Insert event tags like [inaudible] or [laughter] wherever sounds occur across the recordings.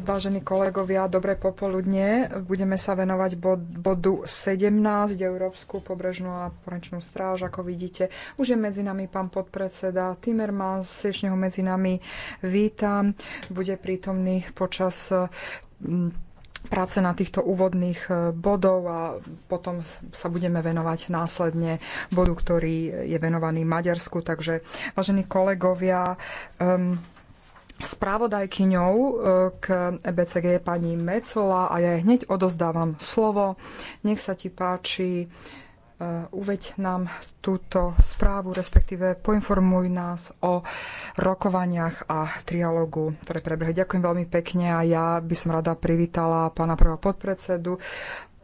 Vážení kolegovia, dobré popoludne. Budeme sa venovať bod, bodu 17, Európsku pobrežnú a porenčnú stráž. Ako vidíte, už je medzi nami pán podpredseda Timmermans, srdečne ho medzi nami vítam. Bude prítomný počas práce na týchto úvodných e, bodov a potom sa budeme venovať následne bodu, ktorý je venovaný Maďarsku. Takže, vážení kolegovia, um, Spravodajkyňou e, k e BCG je pani Mecola a ja jej hneď odozdávam slovo. Nech sa ti páči, e, uveď nám túto správu, respektíve poinformuj nás o rokovaniach a trialógu, ktoré prebehli. Ďakujem veľmi pekne a ja by som rada privítala pána prvého podpredsedu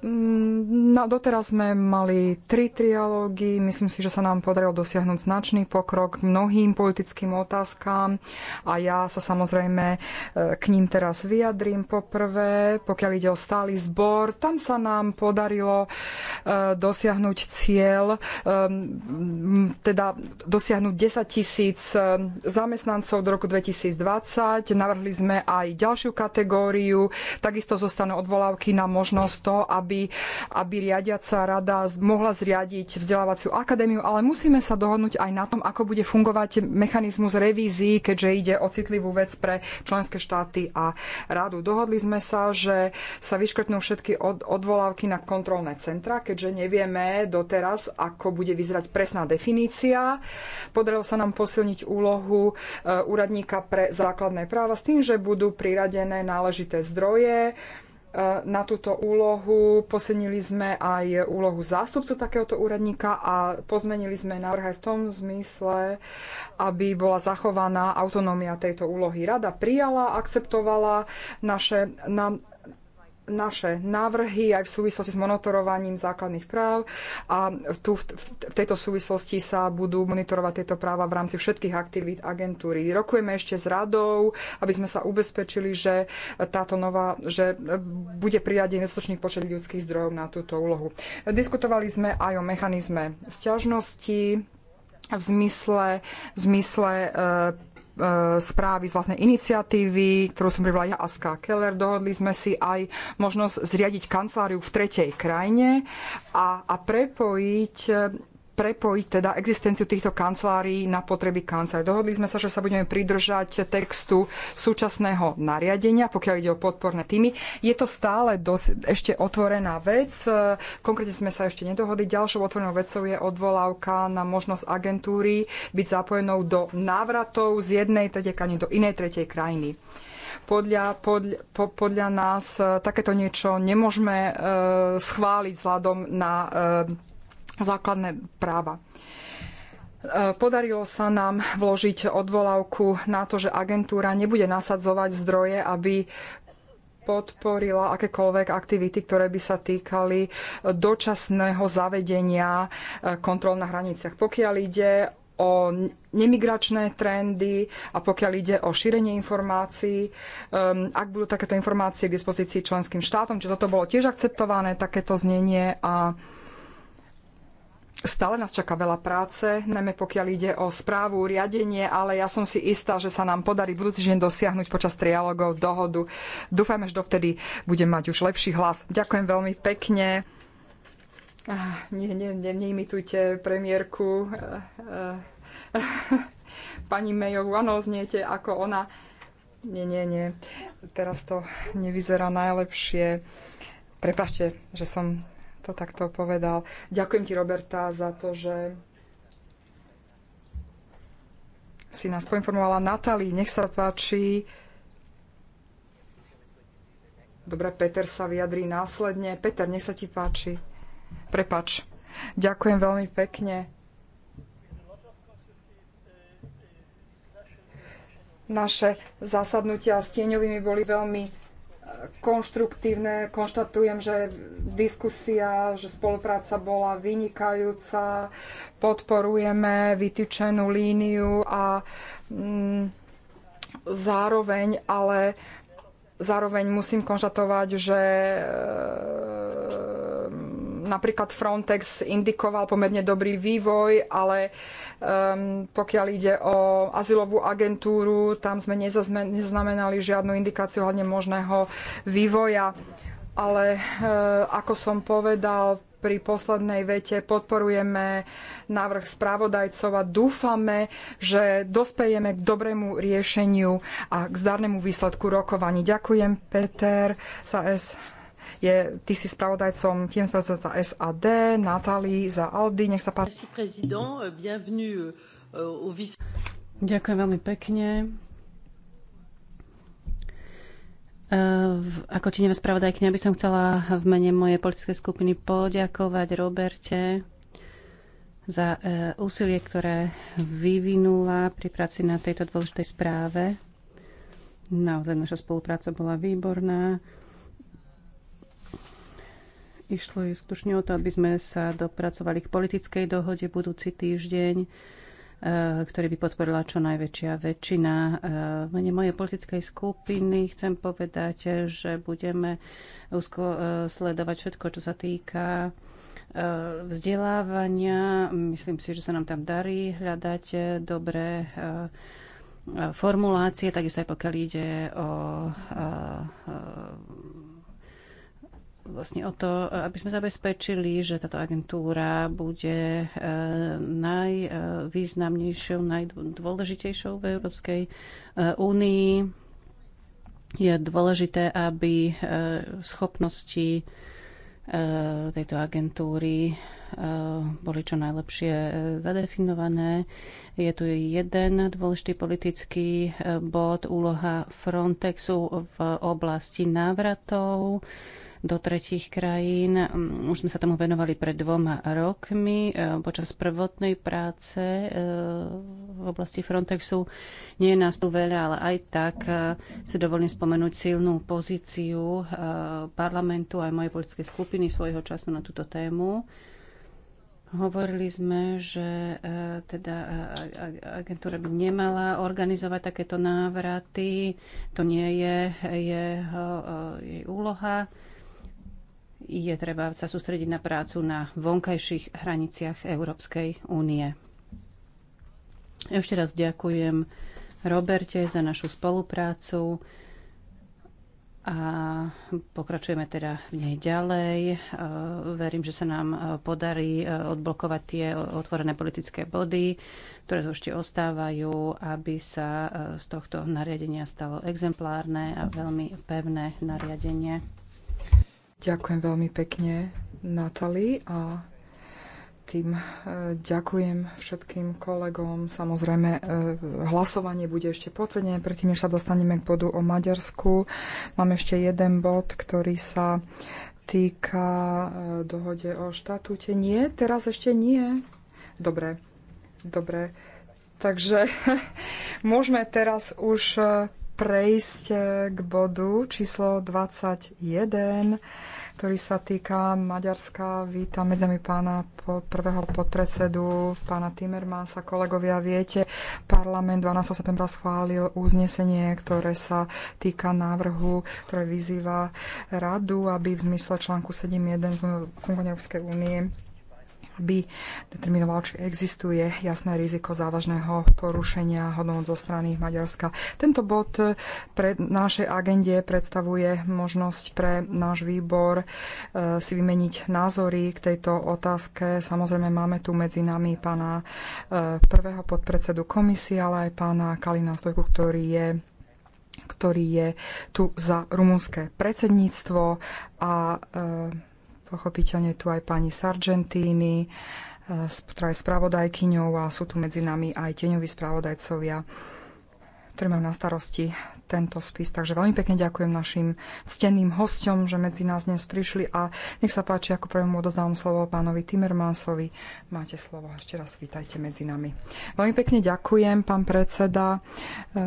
Mm, no, doteraz sme mali tri trialógy. Myslím si, že sa nám podarilo dosiahnuť značný pokrok k mnohým politickým otázkám, a ja sa samozrejme e, k ním teraz vyjadrím. Poprvé, pokiaľ ide o stály zbor, tam sa nám podarilo e, dosiahnuť cieľ, e, teda dosiahnuť 10 tisíc zamestnancov do roku 2020. Navrhli sme aj ďalšiu kategóriu. Takisto zostanú odvolávky na možnosť to, aby aby, aby riadiaca rada mohla zriadiť vzdelávaciu akadémiu, ale musíme sa dohodnúť aj na tom, ako bude fungovať mechanizmus revízií, keďže ide o citlivú vec pre členské štáty a radu. Dohodli sme sa, že sa vyškrtnú všetky od, odvolávky na kontrolné centra, keďže nevieme doteraz, ako bude vyzerať presná definícia. Podarilo sa nám posilniť úlohu e, úradníka pre základné práva s tým, že budú priradené náležité zdroje, na túto úlohu. Posenili sme aj úlohu zástupcu takéhoto úradníka a pozmenili sme návrh aj v tom zmysle, aby bola zachovaná autonómia tejto úlohy. Rada prijala, akceptovala naše, na, naše návrhy aj v súvislosti s monitorovaním základných práv a tu v, v tejto súvislosti sa budú monitorovať tieto práva v rámci všetkých aktivít agentúry. Rokujeme ešte s radou, aby sme sa ubezpečili, že táto nová, že bude prijať nedostatočný počet ľudských zdrojov na túto úlohu. Diskutovali sme aj o mechanizme sťažnosti v zmysle, v zmysle e, E, správy z vlastnej iniciatívy, ktorú som pribrala ja a Ska Keller. Dohodli sme si aj možnosť zriadiť kanceláriu v tretej krajine a, a prepojiť e, prepojiť teda existenciu týchto kancelárií na potreby kancelárií. Dohodli sme sa, že sa budeme pridržať textu súčasného nariadenia, pokiaľ ide o podporné týmy. Je to stále dosť, ešte otvorená vec. Konkrétne sme sa ešte nedohodli. Ďalšou otvorenou vecou je odvolávka na možnosť agentúry byť zapojenou do návratov z jednej tretej krajiny do inej tretej krajiny podľa, podľa, po, podľa nás takéto niečo nemôžeme e, schváliť vzhľadom na e, základné práva. E, podarilo sa nám vložiť odvolávku na to, že agentúra nebude nasadzovať zdroje, aby podporila akékoľvek aktivity, ktoré by sa týkali dočasného zavedenia e, kontrol na hraniciach. Pokiaľ ide o nemigračné trendy a pokiaľ ide o šírenie informácií, um, ak budú takéto informácie k dispozícii členským štátom, či toto bolo tiež akceptované, takéto znenie a Stále nás čaká veľa práce, najmä pokiaľ ide o správu, riadenie, ale ja som si istá, že sa nám podarí budúci deň dosiahnuť počas trialogov dohodu. Dúfajme, že dovtedy budem mať už lepší hlas. Ďakujem veľmi pekne. Ah, nie, nie, nie, neimitujte premiérku. [laughs] Pani Mejovú, áno, zniete ako ona. Nie, nie, nie. Teraz to nevyzerá najlepšie. Prepašte, že som to takto povedal. Ďakujem ti, Roberta, za to, že si nás poinformovala. Natali, nech sa páči. Dobre, Peter sa vyjadrí následne. Peter, nech sa ti páči. Prepač. Ďakujem veľmi pekne. Naše zasadnutia s tieňovými boli veľmi konštruktívne. Konštatujem, že diskusia, že spolupráca bola vynikajúca. Podporujeme vytýčenú líniu a mm, zároveň ale zároveň musím konštatovať, že e, napríklad Frontex indikoval pomerne dobrý vývoj, ale um, pokiaľ ide o azylovú agentúru, tam sme nezaznamenali žiadnu indikáciu hľadne možného vývoja. Ale uh, ako som povedal, pri poslednej vete podporujeme návrh správodajcov a dúfame, že dospejeme k dobrému riešeniu a k zdarnému výsledku rokovaní. Ďakujem, Peter, sa S je, ty si spravodajcom, tým spravodajcom za SAD, Natálii za Aldy, nech sa páči. Euh, euh, Ďakujem veľmi pekne. Ehm, ako tineva spravodajkňa by som chcela v mene mojej politickej skupiny poďakovať Roberte za e, úsilie, ktoré vyvinula pri práci na tejto dôležitej správe. Naozaj naša spolupráca bola výborná. Išlo je skutočne o to, aby sme sa dopracovali k politickej dohode budúci týždeň, e, ktorý by podporila čo najväčšia väčšina. E, v mene mojej politickej skupiny chcem povedať, že budeme úzko e, sledovať všetko, čo sa týka vzdelávania. Myslím si, že sa nám tam darí hľadať dobré formulácie, takisto aj pokiaľ ide o vlastne o to, aby sme zabezpečili, že táto agentúra bude e, najvýznamnejšou, najdôležitejšou v Európskej e, únii. Je dôležité, aby e, schopnosti tejto agentúry boli čo najlepšie zadefinované. Je tu jeden dôležitý politický bod, úloha Frontexu v oblasti návratov do tretích krajín. Mm, už sme sa tomu venovali pred dvoma rokmi. E, počas prvotnej práce e, v oblasti Frontexu nie je nás tu veľa, ale aj tak e, si dovolím spomenúť silnú pozíciu parlamentu aj mojej politickej skupiny svojho času na túto tému. Hovorili sme, že teda agentúra by nemala organizovať takéto návraty. To nie je jeho, jej úloha je treba sa sústrediť na prácu na vonkajších hraniciach Európskej únie. Ešte raz ďakujem Roberte za našu spoluprácu a pokračujeme teda v nej ďalej. E, verím, že sa nám e, podarí e, odblokovať tie otvorené politické body, ktoré tu ešte ostávajú, aby sa z tohto nariadenia stalo exemplárne a veľmi pevné nariadenie. Ďakujem veľmi pekne, Natali, a tým e, ďakujem všetkým kolegom. Samozrejme, e, hlasovanie bude ešte potvrdené, predtým, než sa dostaneme k bodu o Maďarsku. Mám ešte jeden bod, ktorý sa týka e, dohode o štatúte. Nie, teraz ešte nie. Dobre, dobre. Takže [laughs] môžeme teraz už prejsť eh, k bodu číslo 21, ktorý sa týka Maďarska. Vítam medzi nami pána prvého podpredsedu, pána Timmermansa. Kolegovia, viete, parlament 12. septembra schválil uznesenie, ktoré sa týka návrhu, ktoré vyzýva radu, aby v zmysle článku 7.1 z fungovania Európskej únie aby determinoval, či existuje jasné riziko závažného porušenia hodnot zo strany Maďarska. Tento bod eh, pre našej agende predstavuje možnosť pre náš výbor eh, si vymeniť názory k tejto otázke. Samozrejme máme tu medzi nami pána eh, prvého podpredsedu komisie, ale aj pána Kalina Stojku, ktorý je ktorý je tu za rumunské predsedníctvo a e, pochopiteľne tu aj pani Sargentini, e, ktorá je spravodajkyňou a sú tu medzi nami aj tieňoví spravodajcovia, ktorí majú na starosti tento spis. Takže veľmi pekne ďakujem našim cteným hostom, že medzi nás dnes prišli a nech sa páči, ako prvému odozdávam slovo pánovi Timmermansovi. Máte slovo, ešte raz vítajte medzi nami. Veľmi pekne ďakujem, pán predseda. E,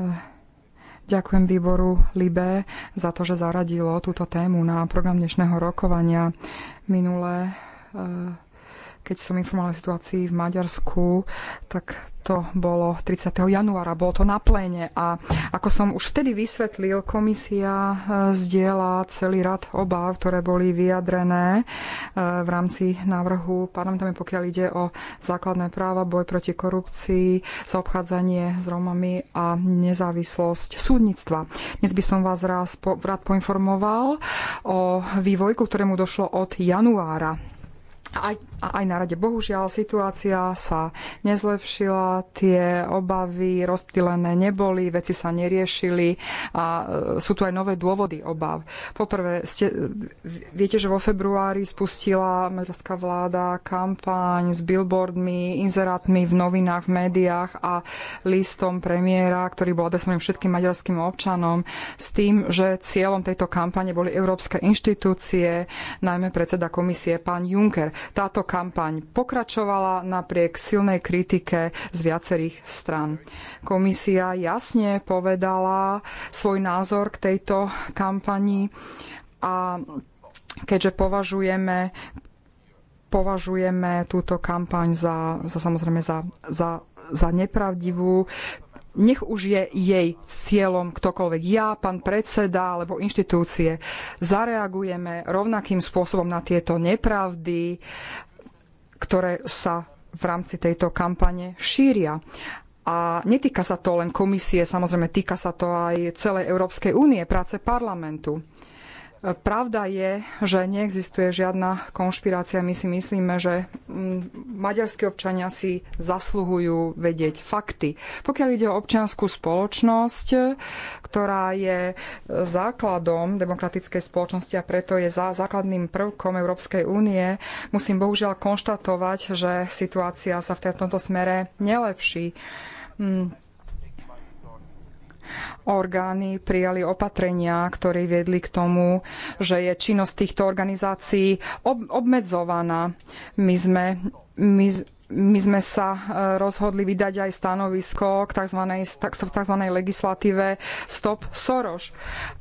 ďakujem výboru Libe za to, že zaradilo túto tému na program dnešného rokovania minulé keď som informovala o situácii v Maďarsku, tak to bolo 30. januára, bolo to na pléne a ako som už vtedy vysvetlil, komisia eh, zdieľa celý rad obáv, ktoré boli vyjadrené eh, v rámci návrhu parlamentami, pokiaľ ide o základné práva, boj proti korupcii, zaobchádzanie s Romami a nezávislosť súdnictva. Dnes by som vás raz po, rád poinformoval o vývojku, ktorému došlo od januára aj, aj na rade. Bohužiaľ, situácia sa nezlepšila, tie obavy rozptýlené neboli, veci sa neriešili a e, sú tu aj nové dôvody obav. Poprvé, ste, viete, že vo februári spustila maďarská vláda kampaň s billboardmi, inzerátmi v novinách, v médiách a listom premiéra, ktorý bol adresovaný všetkým maďarským občanom, s tým, že cieľom tejto kampane boli európske inštitúcie, najmä predseda komisie pán Juncker táto kampaň pokračovala napriek silnej kritike z viacerých stran. Komisia jasne povedala svoj názor k tejto kampani a keďže považujeme považujeme túto kampaň za, za samozrejme za, za, za nepravdivú nech už je jej cieľom ktokoľvek ja, pán predseda alebo inštitúcie. Zareagujeme rovnakým spôsobom na tieto nepravdy, ktoré sa v rámci tejto kampane šíria. A netýka sa to len komisie, samozrejme týka sa to aj celej Európskej únie, práce parlamentu. Pravda je, že neexistuje žiadna konšpirácia. My si myslíme, že mm, maďarskí občania si zasluhujú vedieť fakty. Pokiaľ ide o občianskú spoločnosť, ktorá je základom demokratickej spoločnosti a preto je za základným prvkom Európskej únie, musím bohužiaľ konštatovať, že situácia sa v tomto smere nelepší. Mm, orgány prijali opatrenia, ktoré viedli k tomu, že je činnosť týchto organizácií ob- obmedzovaná. My sme, my, my sme sa e, rozhodli vydať aj stanovisko k tzv. tzv. legislatíve Stop Soros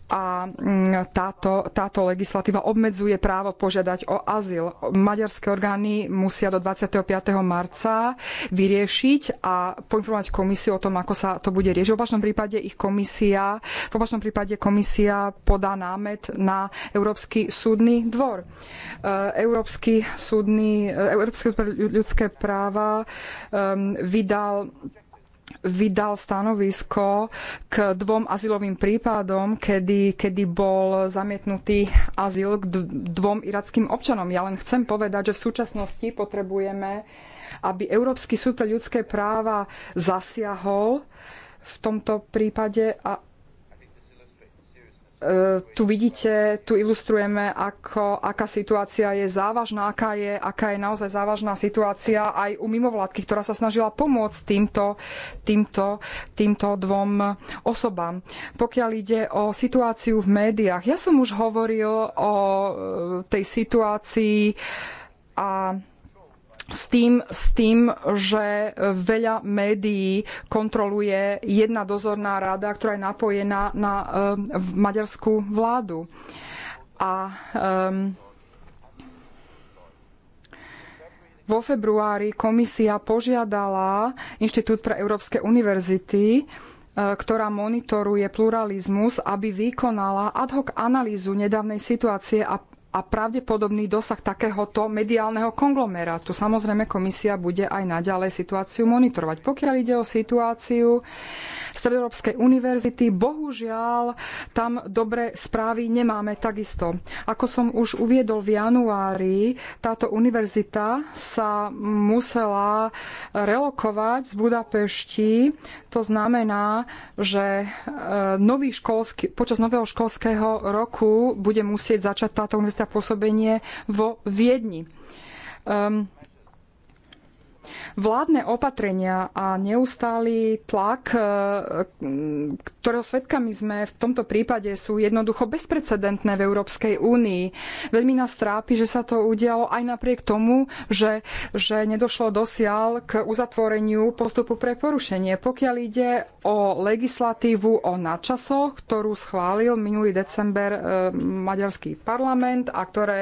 a mm, táto, táto legislatíva obmedzuje právo požiadať o azyl. Maďarské orgány musia do 25. marca vyriešiť a poinformovať komisiu o tom, ako sa to bude riešiť. V opačnom prípade ich komisia, v opačnom prípade komisia podá námet na Európsky súdny dvor. E, Európsky súdny, e, Európsky ľudské práva e, vydal vydal stanovisko k dvom azylovým prípadom, kedy, kedy bol zamietnutý azyl k dvom irackým občanom. Ja len chcem povedať, že v súčasnosti potrebujeme, aby Európsky súd pre ľudské práva zasiahol v tomto prípade a E, tu vidíte, tu ilustrujeme, ako, aká situácia je závažná, aká je, aká je naozaj závažná situácia aj u mimovládky, ktorá sa snažila pomôcť týmto, týmto, týmto dvom osobám. Pokiaľ ide o situáciu v médiách, ja som už hovoril o e, tej situácii a s tým, s tým, že veľa médií kontroluje jedna dozorná rada, ktorá je napojená na um, maďarskú vládu. A um, vo februári komisia požiadala Inštitút pre európske univerzity, eh, ktorá monitoruje pluralizmus, aby vykonala ad hoc analýzu nedávnej situácie a a pravdepodobný dosah takéhoto mediálneho konglomerátu. Samozrejme, komisia bude aj naďalej situáciu monitorovať. Pokiaľ ide o situáciu Stredoeurópskej univerzity. Bohužiaľ, tam dobré správy nemáme takisto. Ako som už uviedol v januári, táto univerzita sa musela relokovať z Budapešti. To znamená, že e, nový školský, počas nového školského roku bude musieť začať táto univerzita pôsobenie vo Viedni. Um, Vládne opatrenia a neustály tlak, e, ktorého svetkami sme v tomto prípade, sú jednoducho bezprecedentné v Európskej únii. Veľmi nás trápi, že sa to udialo aj napriek tomu, že, že nedošlo dosiaľ k uzatvoreniu postupu pre porušenie. Pokiaľ ide o legislatívu o nadčasoch, ktorú schválil minulý december e, maďarský parlament a ktoré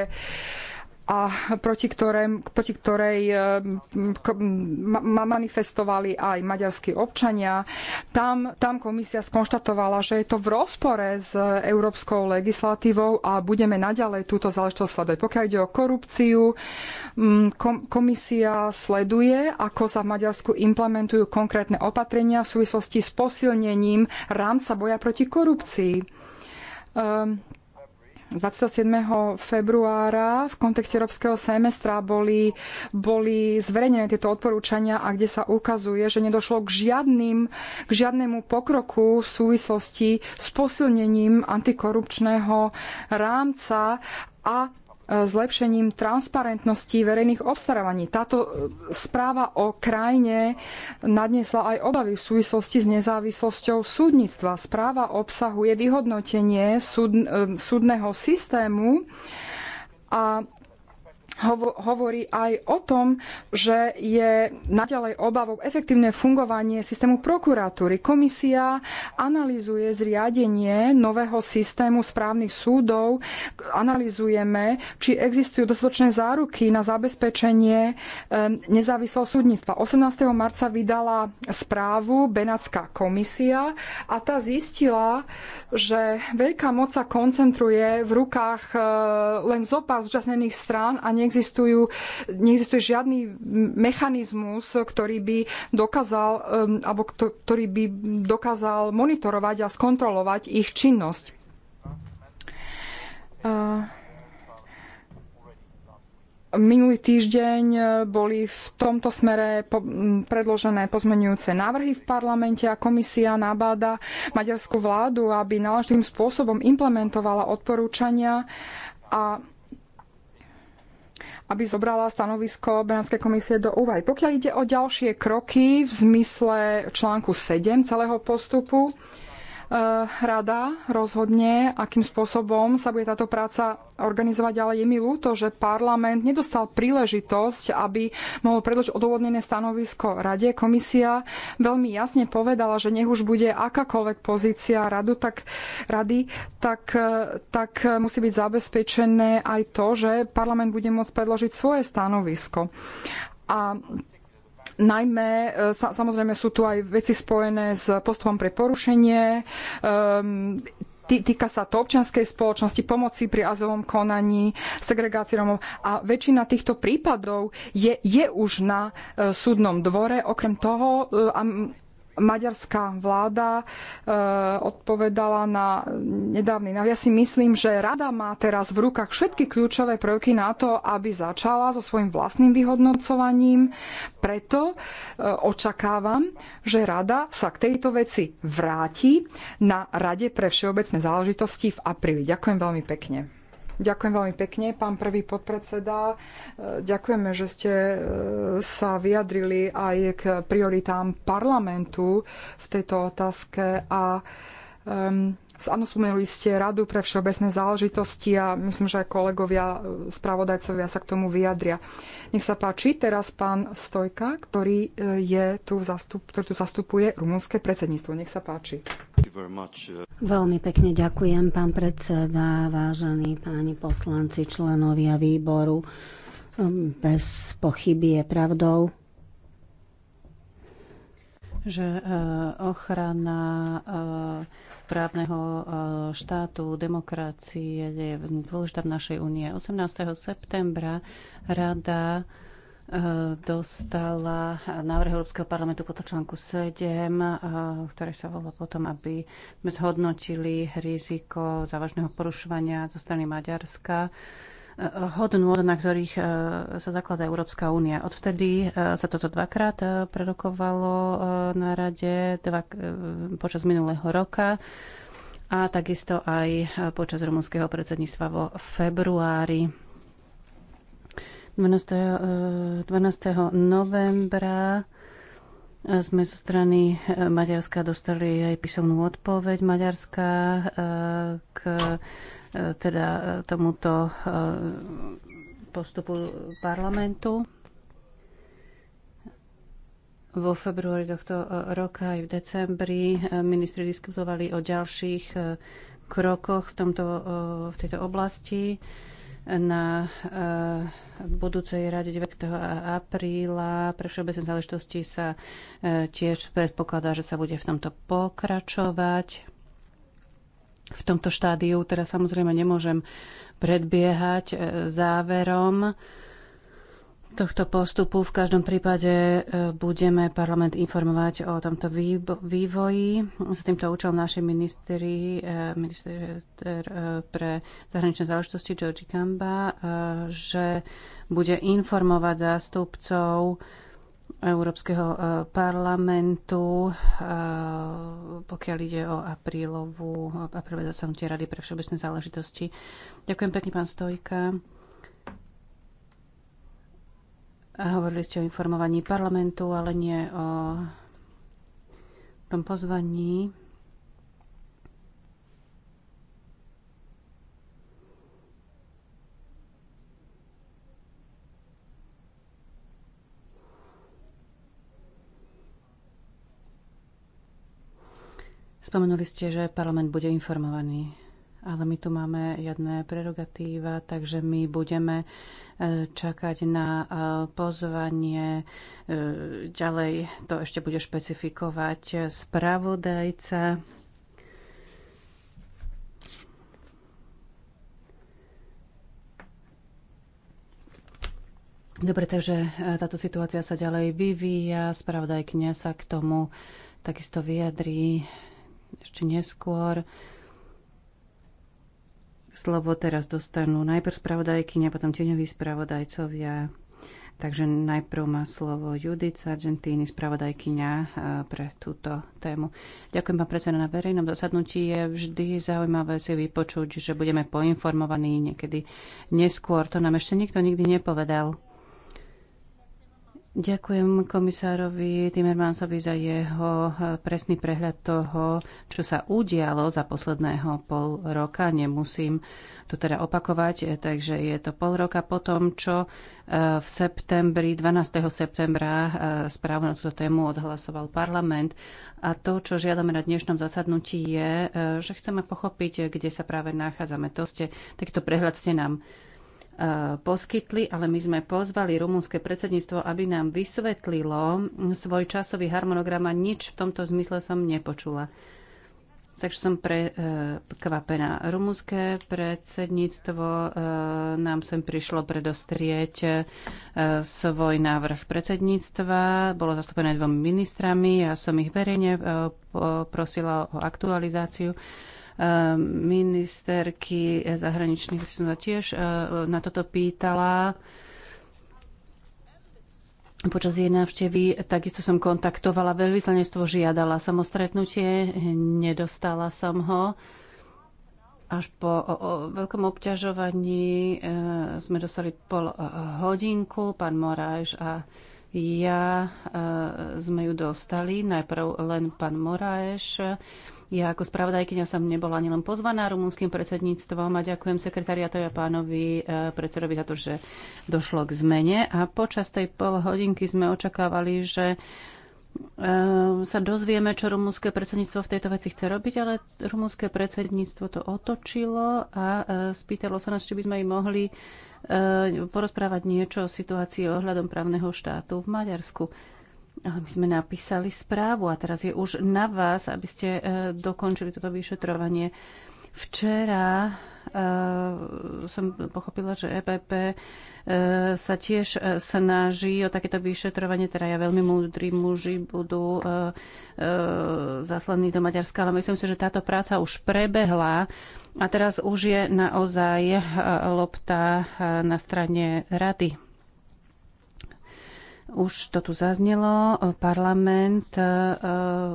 a proti, ktoré, proti ktorej e, manifestovali aj maďarskí občania. Tam, tam komisia skonštatovala, že je to v rozpore s európskou legislatívou a budeme naďalej túto záležitosť sledovať. Pokiaľ ide o korupciu, mm, komisia sleduje, ako sa v Maďarsku implementujú konkrétne opatrenia v súvislosti s posilnením rámca boja proti korupcii. Um, 27. februára v kontexte európskeho semestra boli, boli zverejnené tieto odporúčania a kde sa ukazuje, že nedošlo k, žiadnym, k žiadnemu pokroku v súvislosti s posilnením antikorupčného rámca a zlepšením transparentnosti verejných obstarávaní. Táto e, správa o krajine nadniesla aj obavy v súvislosti s nezávislosťou súdnictva. Správa obsahuje vyhodnotenie súd, e, súdneho systému a hovorí aj o tom, že je naďalej obavou efektívne fungovanie systému prokuratúry. Komisia analizuje zriadenie nového systému správnych súdov, analizujeme, či existujú dostatočné záruky na zabezpečenie nezávislého súdnictva. 18. marca vydala správu Benacká komisia a tá zistila, že veľká moc sa koncentruje v rukách e, len zopár zúčastnených strán a neexistujú, neexistuje žiadny mechanizmus, ktorý by dokázal, um, alebo ktorý by dokázal monitorovať a skontrolovať ich činnosť. Uh, minulý týždeň boli v tomto smere predložené pozmenujúce návrhy v parlamente a komisia nabáda maďarskú vládu, aby náležitým spôsobom implementovala odporúčania a aby zobrala stanovisko Benátskej komisie do úvahy. Pokiaľ ide o ďalšie kroky v zmysle článku 7 celého postupu, Eh, rada rozhodne, akým spôsobom sa bude táto práca organizovať, ale je mi ľúto, že parlament nedostal príležitosť, aby mohol predložiť odôvodnené stanovisko rade. Komisia veľmi jasne povedala, že nech už bude akákoľvek pozícia radu, tak, rady, tak, eh, tak musí byť zabezpečené aj to, že parlament bude môcť predložiť svoje stanovisko. A Najmä e, sa, samozrejme sú tu aj veci spojené s postupom pre porušenie. Um, týka sa to občianskej spoločnosti, pomoci pri azovom konaní, segregácii Romov. A väčšina týchto prípadov je, je už na e, súdnom dvore. Okrem toho, e, maďarská vláda e, odpovedala na nedávny nav. Ja si myslím, že rada má teraz v rukách všetky kľúčové prvky na to, aby začala so svojím vlastným vyhodnocovaním. Preto e, očakávam, že rada sa k tejto veci vráti na Rade pre všeobecné záležitosti v apríli. Ďakujem veľmi pekne. Ďakujem veľmi pekne, pán prvý podpredseda. E, ďakujeme, že ste e, sa vyjadrili aj k prioritám parlamentu v tejto otázke a Um, ehm, Áno, spomenuli ste Radu pre všeobecné záležitosti a myslím, že aj kolegovia, e, spravodajcovia sa k tomu vyjadria. Nech sa páči, teraz pán Stojka, ktorý, e, je tu zastup, ktorý tu zastupuje rumunské predsedníctvo. Nech sa páči. Uh, Veľmi pekne ďakujem, pán predseda, vážení páni poslanci, členovia výboru. Ehm, bez pochyby je pravdou, že e, ochrana právneho eh, štátu, demokracie je dôležitá v našej únie. 18. septembra rada eh, dostala návrh Európskeho parlamentu po článku 7, eh, ktoré sa volá potom, aby sme zhodnotili riziko závažného porušovania zo strany Maďarska hodnôt, na ktorých e, sa zakladá Európska únia. Odvtedy e, sa toto dvakrát e, prerokovalo na rade dva, počas minulého roka a takisto aj počas rumunského predsedníctva vo februári. 12. 12. novembra sme zo strany Maďarska dostali aj písomnú odpoveď Maďarska k E, teda e, tomuto e, postupu parlamentu. Vo februári tohto roka aj v decembri ministri diskutovali o ďalších krokoch v, tomto, v tejto oblasti na budúcej rade 9. apríla pre všeobecné záležitosti sa tiež predpokladá, že sa bude v tomto pokračovať v tomto štádiu. Teraz samozrejme nemôžem predbiehať e, záverom tohto postupu. V každom prípade e, budeme parlament informovať o tomto vývoji. Za týmto účelom naši ministri, e, minister pre zahraničné záležitosti Georgi Kamba, že bude informovať zástupcov Európskeho e, parlamentu, e, pokiaľ ide o aprílovú, aprílové zasadnutie Rady pre všeobecné záležitosti. Ďakujem pekne, pán Stojka. A hovorili ste o informovaní parlamentu, ale nie o tom pozvaní. Spomenuli ste, že parlament bude informovaný, ale my tu máme jedné prerogatíva, takže my budeme e, čakať na e, pozvanie. E, ďalej to ešte bude špecifikovať spravodajca. Dobre, takže táto situácia sa ďalej vyvíja, spravodajkňa sa k tomu takisto vyjadrí ešte neskôr. Slovo teraz dostanú najprv spravodajkyňa, potom tieňoví spravodajcovia. Takže najprv má slovo Judith Argentíny, spravodajkyňa e, pre túto tému. Ďakujem, vám predseda, na verejnom zasadnutí je vždy zaujímavé si vypočuť, že budeme poinformovaní niekedy neskôr. To nám ešte nikto nikdy nepovedal. Ďakujem komisárovi Timmermansovi za jeho eh, presný prehľad toho, čo sa udialo za posledného pol roka. Nemusím to teda opakovať, eh, takže je to pol roka po tom, čo eh, v septembri, 12. septembra správne na túto tému odhlasoval parlament. A to, čo žiadame na dnešnom zasadnutí je, že chceme pochopiť, kde sa práve nachádzame. To ste, takýto prehľad ste nám Eh, poskytli, ale my sme pozvali rumunské predsedníctvo, aby nám vysvetlilo svoj časový harmonogram a nič v tomto zmysle som nepočula. Takže som prekvapená. Rumúnske predsedníctvo eh, nám sem prišlo predostrieť eh, svoj návrh predsedníctva. Bolo zastúpené dvomi ministrami. Ja som ich verejne prosila o aktualizáciu ministerky zahraničných som sa tiež e, na toto pýtala. Počas jej návštevy takisto som kontaktovala veľvyslanectvo, žiadala som o stretnutie, nedostala som ho. Až po o, o, veľkom obťažovaní e, sme dostali pol e, hodinku, pán Moráš a e, ja eh, sme ju dostali, najprv len pán Moraeš. Ja ako spravodajkyňa som nebola ani len pozvaná rumúnským predsedníctvom a ďakujem sekretariatovi a pánovi eh, predsedovi za to, že došlo k zmene. A počas tej pol hodinky sme očakávali, že eh, sa dozvieme, čo rumúnske predsedníctvo v tejto veci chce robiť, ale rumúnske predsedníctvo to otočilo a spýtalo sa nás, či by sme im mohli E, porozprávať niečo o situácii ohľadom právneho štátu v Maďarsku. Ale my sme napísali správu a teraz je už na vás, aby ste e, dokončili toto vyšetrovanie. Včera uh, som pochopila, že EPP uh, eh, sa tiež uh, snaží o takéto vyšetrovanie, teda ja veľmi múdri muži budú uh, uh, zaslaní do Maďarska, ale myslím si, že táto práca už prebehla a teraz už je naozaj uh, lopta uh, na strane rady. Už to tu zaznelo, parlament e,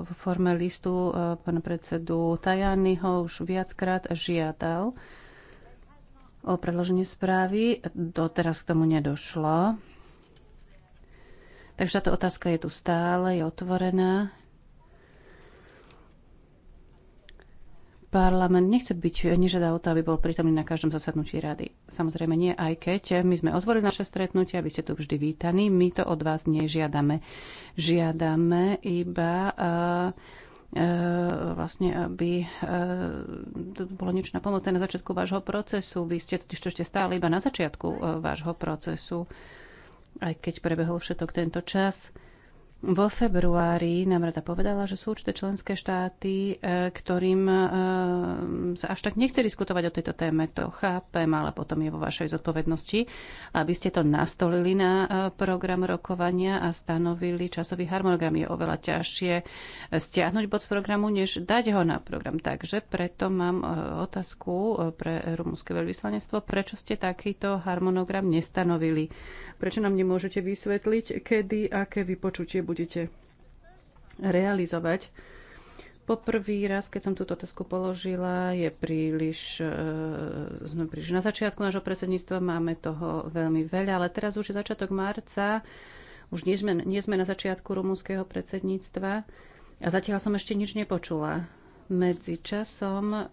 v forme listu e, pána predsedu Tajányho už viackrát žiadal o predloženie správy. Doteraz k tomu nedošlo. Takže táto otázka je tu stále, je otvorená. parlament nechce byť, nežiada o to, aby bol prítomný na každom zasadnutí rady. Samozrejme nie, aj keď my sme otvorili naše stretnutia, vy ste tu vždy vítaní, my to od vás nežiadame. Žiadame iba uh, vlastne, aby to bolo niečo na na začiatku vášho procesu. Vy ste totiž ešte stáli iba na začiatku vášho procesu, aj keď prebehol všetok tento čas. Vo februári nám rada povedala, že sú určité členské štáty, e, ktorým e, sa až tak nechce diskutovať o tejto téme. To chápem, ale potom je vo vašej zodpovednosti, aby ste to nastolili na e, program rokovania a stanovili časový harmonogram. Je oveľa ťažšie stiahnuť bod z programu, než dať ho na program. Takže preto mám otázku pre rumúnske veľvyslanectvo. Prečo ste takýto harmonogram nestanovili? Prečo nám nemôžete vysvetliť, kedy, aké vypočutie budete realizovať. Po prvý raz, keď som túto otázku položila, je príliš, e, sme príliš na začiatku nášho predsedníctva, máme toho veľmi veľa, ale teraz už je začiatok marca, už nie sme, nie sme na začiatku rumúnskeho predsedníctva a zatiaľ som ešte nič nepočula. Medzi časom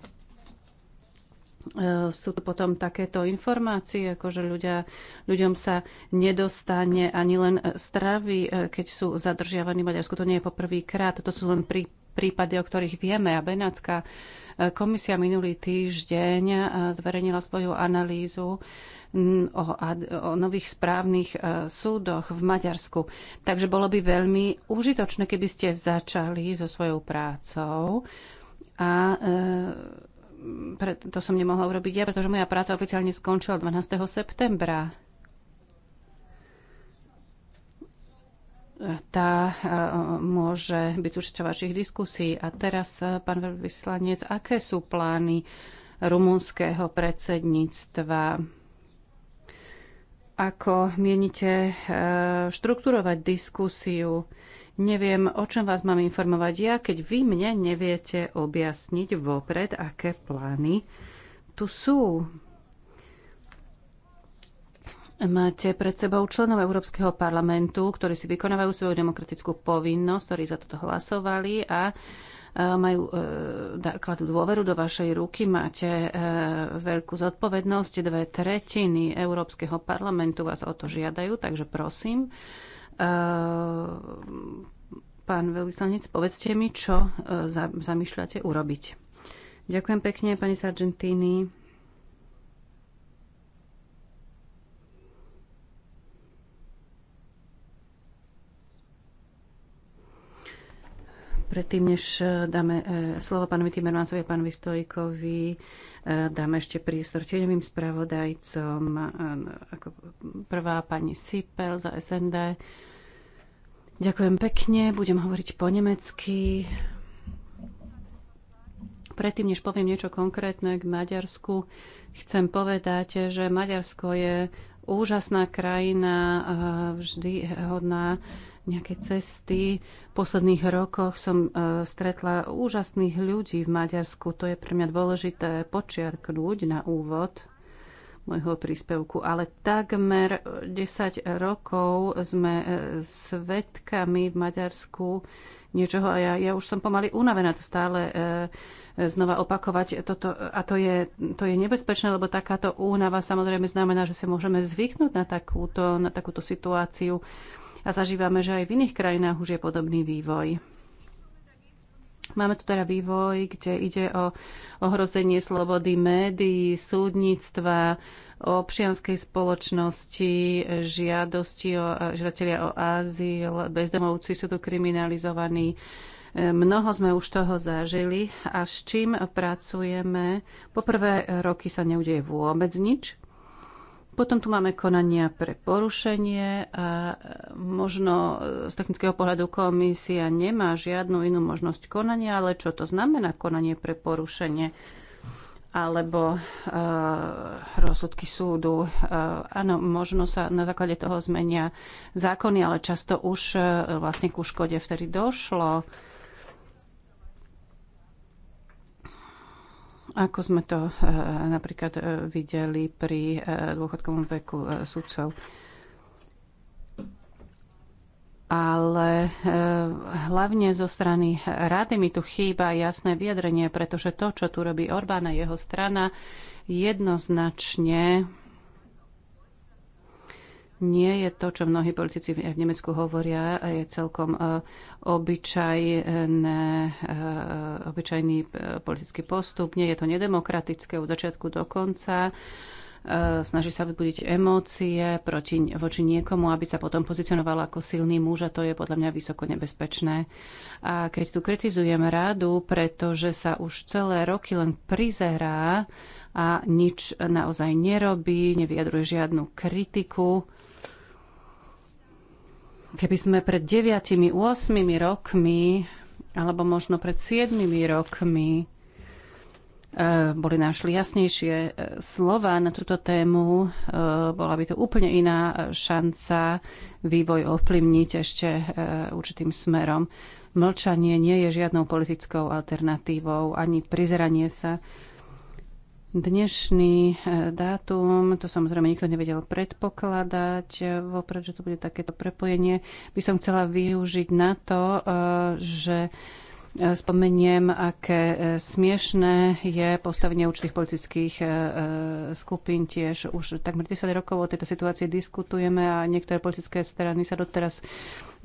E, sú tu potom takéto informácie, ako že ľudia, ľuďom sa nedostane ani len stravy, e, keď sú zadržiavaní v Maďarsku. To nie je poprvýkrát, to sú len prí, prípady, o ktorých vieme. A Benátska e, komisia minulý týždeň zverejnila svoju analýzu o, o nových správnych súdoch v Maďarsku. Takže bolo by veľmi užitočné, keby ste začali so svojou prácou a preto som nemohla urobiť ja, pretože moja práca oficiálne skončila 12. septembra. Tá e, môže byť súčasťou vašich diskusí. A teraz, e, pán vyslanec, aké sú plány rumunského predsedníctva? Ako mienite e, štruktúrovať diskusiu? Neviem, o čom vás mám informovať ja, keď vy mne neviete objasniť vopred, aké plány tu sú. Máte pred sebou členov Európskeho parlamentu, ktorí si vykonávajú svoju demokratickú povinnosť, ktorí za toto hlasovali a e, majú e, kladú dôveru do vašej ruky, máte e, veľkú zodpovednosť, dve tretiny Európskeho parlamentu vás o to žiadajú, takže prosím, Eh, pán veľvyslanec, povedzte mi, čo eh, zamýšľate urobiť. Ďakujem pekne, pani Sargentini. predtým, než eh, dáme slovo pánovi Timmermansovi a pánovi Stojkovi, dáme ešte priestor tieňovým spravodajcom. Ako prvá pani Sipel za SND. Ďakujem pekne, budem hovoriť po nemecky. Predtým, než poviem niečo konkrétne k Maďarsku, chcem povedať, že Maďarsko je úžasná krajina, vždy hodná nejaké cesty. V posledných rokoch som e, stretla úžasných ľudí v Maďarsku. To je pre mňa dôležité počiarknúť na úvod môjho príspevku, ale takmer 10 rokov sme e, svetkami v Maďarsku niečoho a ja, ja už som pomaly unavená to stále e, e, znova opakovať. Toto, a to je, to je nebezpečné, lebo takáto únava samozrejme znamená, že si môžeme zvyknúť na takúto, na takúto situáciu a zažívame, že aj v iných krajinách už je podobný vývoj. Máme tu teda vývoj, kde ide o ohrozenie slobody médií, súdnictva, občianskej spoločnosti, žiadosti o žiadatelia o azyl, bezdomovci sú tu kriminalizovaní. Mnoho sme už toho zažili a s čím pracujeme. Poprvé roky sa neudeje vôbec nič. Potom tu máme konania pre porušenie a e, možno e, z technického pohľadu komisia nemá žiadnu inú možnosť konania, ale čo to znamená konanie pre porušenie alebo e, rozsudky súdu. E, áno, možno sa na základe toho zmenia zákony, ale často už e, vlastne ku škode vtedy došlo. ako sme to eh, napríklad eh, videli pri eh, dôchodkovom veku sudcov. Ale hlavne zo strany rady mi tu chýba jasné vyjadrenie, pretože to, čo tu robí Orbán a jeho strana, jednoznačne nie je to, čo mnohí politici v Nemecku hovoria, je celkom e, obyčajné, e, obyčajný e, politický postup. Nie je to nedemokratické od začiatku do konca. Snaží sa vybudiť emócie proti, voči niekomu, aby sa potom pozicionoval ako silný muž a to je podľa mňa vysoko nebezpečné. A keď tu kritizujem rádu, pretože sa už celé roky len prizerá a nič naozaj nerobí, nevyjadruje žiadnu kritiku, Keby sme pred 9-8 rokmi alebo možno pred 7 rokmi eh, boli našli jasnejšie eh, slova na túto tému, eh, bola by to úplne iná šanca vývoj ovplyvniť ešte určitým smerom. Mlčanie nie je žiadnou politickou alternatívou, ani prizeranie sa Dnešný e, dátum, to samozrejme nikto nevedel predpokladať e, vopred, že to bude takéto prepojenie, by som chcela využiť na to, e, že Spomeniem, aké e, smiešné je postavenie určitých politických e, e, skupín tiež. Už takmer 10 rokov o tejto situácii diskutujeme a niektoré politické strany sa doteraz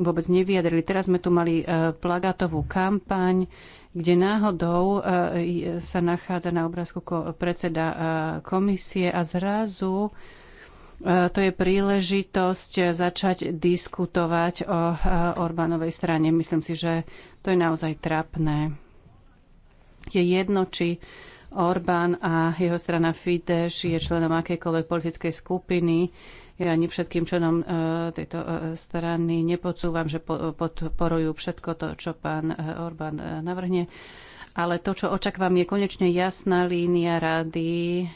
vôbec nevyjadrili. Teraz sme tu mali plagátovú kampaň, kde náhodou sa nachádza na obrázku predseda komisie a zrazu E, to je príležitosť začať diskutovať o e, Orbánovej strane. Myslím si, že to je naozaj trapné. Je jedno, či Orbán a jeho strana Fidesz je členom akejkoľvek politickej skupiny. Ja ani všetkým členom e, tejto strany nepodsúvam, že podporujú všetko to, čo pán Orbán navrhne. Ale to, čo očakávam, je konečne jasná línia rady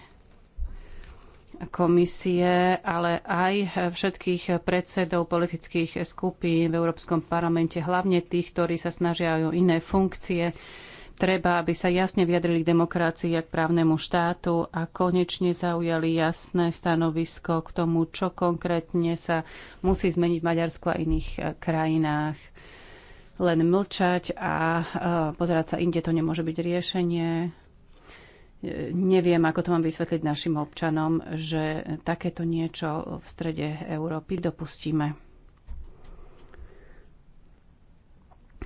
komisie, ale aj všetkých predsedov politických skupín v Európskom parlamente, hlavne tých, ktorí sa snažia o iné funkcie. Treba, aby sa jasne vyjadrili k demokracii a k právnemu štátu a konečne zaujali jasné stanovisko k tomu, čo konkrétne sa musí zmeniť v Maďarsku a iných eh, krajinách. Len mlčať a eh, pozerať sa inde to nemôže byť riešenie E, neviem, ako to mám vysvetliť našim občanom, že takéto niečo v strede Európy dopustíme.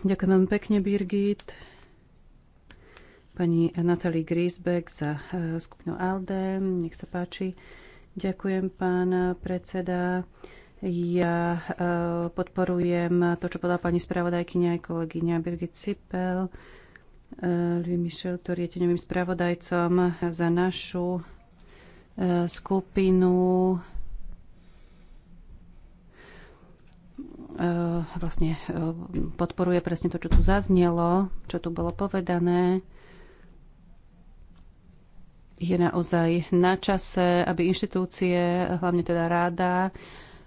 Ďakujem veľmi pekne, Birgit. Pani Natalie Griesbeck za e, skupinu ALDE. Nech sa páči. Ďakujem, pán predseda. Ja e, podporujem to, čo podala pani spravodajkyňa aj kolegyňa Birgit Sipel Louis Michel, ktorý je teňovým spravodajcom za našu e, skupinu. E, vlastne e, podporuje presne to, čo tu zaznelo, čo tu bolo povedané. Je naozaj na čase, aby inštitúcie, hlavne teda ráda,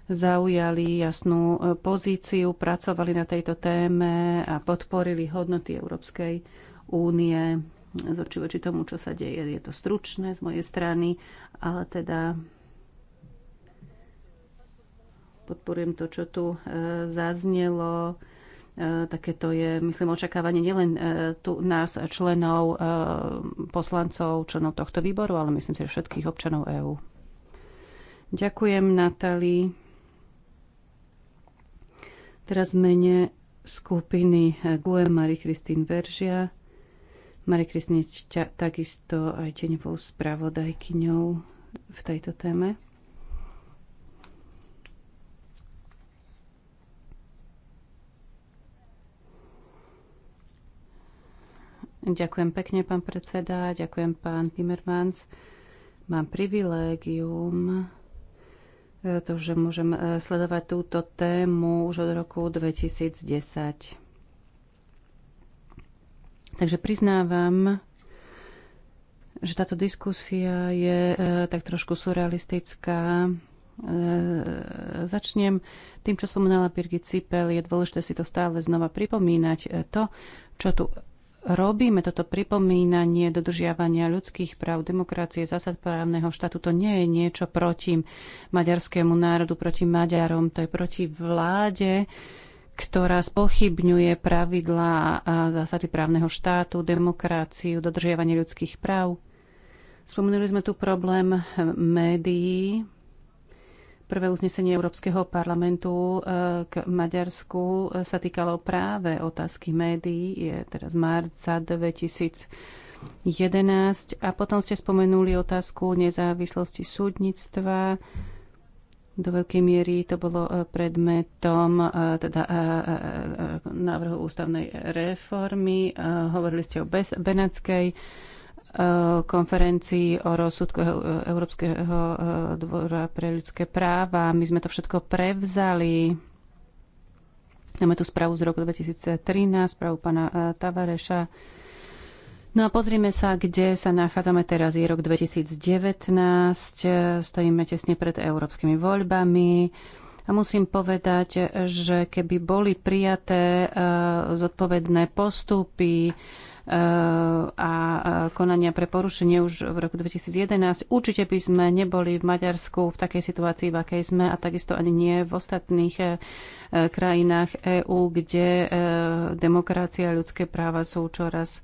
zaujali jasnú pozíciu, pracovali na tejto téme a podporili hodnoty Európskej únie z oči voči tomu, čo sa deje. Je to stručné z mojej strany, ale teda podporujem to, čo tu e, zaznelo. E, Takéto je, myslím, očakávanie nielen e, tu nás, členov, poslancov, členov tohto výboru, ale myslím si, že všetkých občanov EÚ. Ďakujem, Natali. Teraz mene skupiny GUE Marie-Christine Veržia. Marie Kristine takisto aj teňovou spravodajkyňou v tejto téme. Ďakujem pekne, pán predseda, ďakujem, pán Timmermans. Mám privilégium eh, to, že môžem eh, sledovať túto tému už od roku 2010. Takže priznávam, že táto diskusia je e, tak trošku surrealistická. E, začnem tým, čo spomenala Birgit Cipel. Je dôležité si to stále znova pripomínať. E, to, čo tu robíme, toto pripomínanie dodržiavania ľudských práv, demokracie, zásad právneho štátu, to nie je niečo proti maďarskému národu, proti Maďarom, to je proti vláde, ktorá spochybňuje pravidlá a zásady právneho štátu, demokraciu, dodržiavanie ľudských práv. Spomenuli sme tu problém médií. Prvé uznesenie Európskeho parlamentu e, k Maďarsku e, sa týkalo práve otázky médií. Je teraz marca 2011. A potom ste spomenuli otázku nezávislosti súdnictva do veľkej miery to bolo e, predmetom e, teda, e, návrhu ústavnej reformy. Hovorili ste o Benátskej konferencii o rozsudku Európskeho dvora pre ľudské práva. My sme to všetko prevzali. Máme tu správu z roku 2013, správu pána Tavareša No a pozrime sa, kde sa nachádzame teraz. Je rok 2019, stojíme tesne pred európskymi voľbami. A musím povedať, že keby boli prijaté eh, zodpovedné postupy eh, a eh, konania pre porušenie už v roku 2011, určite by sme neboli v Maďarsku v takej situácii, v akej sme a takisto ani nie v ostatných krajinách EÚ, kde demokracia a ľudské práva sú čoraz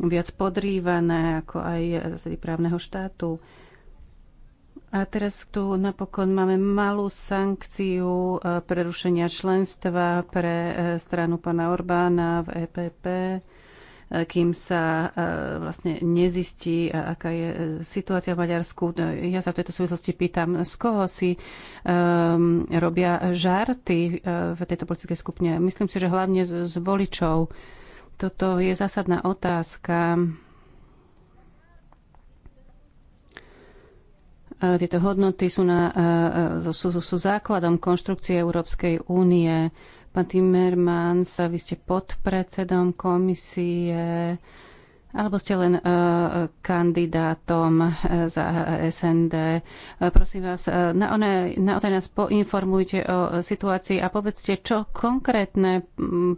viac podrývané, ako aj z právneho štátu. A teraz tu napokon máme malú sankciu e, prerušenia členstva pre e, stranu pana Orbána v EPP, e, kým sa vlastne nezistí, aká je situácia v Maďarsku. Ja sa v tejto súvislosti pýtam, z koho si um, robia žarty v tejto politickej skupine. Myslím si, že hlavne z, z voličov toto je zásadná otázka. Tieto hodnoty sú, na, sú, sú, sú základom konštrukcie Európskej únie. Pán Timmermans, vy ste podpredsedom komisie alebo ste len e, kandidátom e, za SND. E, prosím vás, na, one, naozaj nás poinformujte o situácii a povedzte, čo konkrétne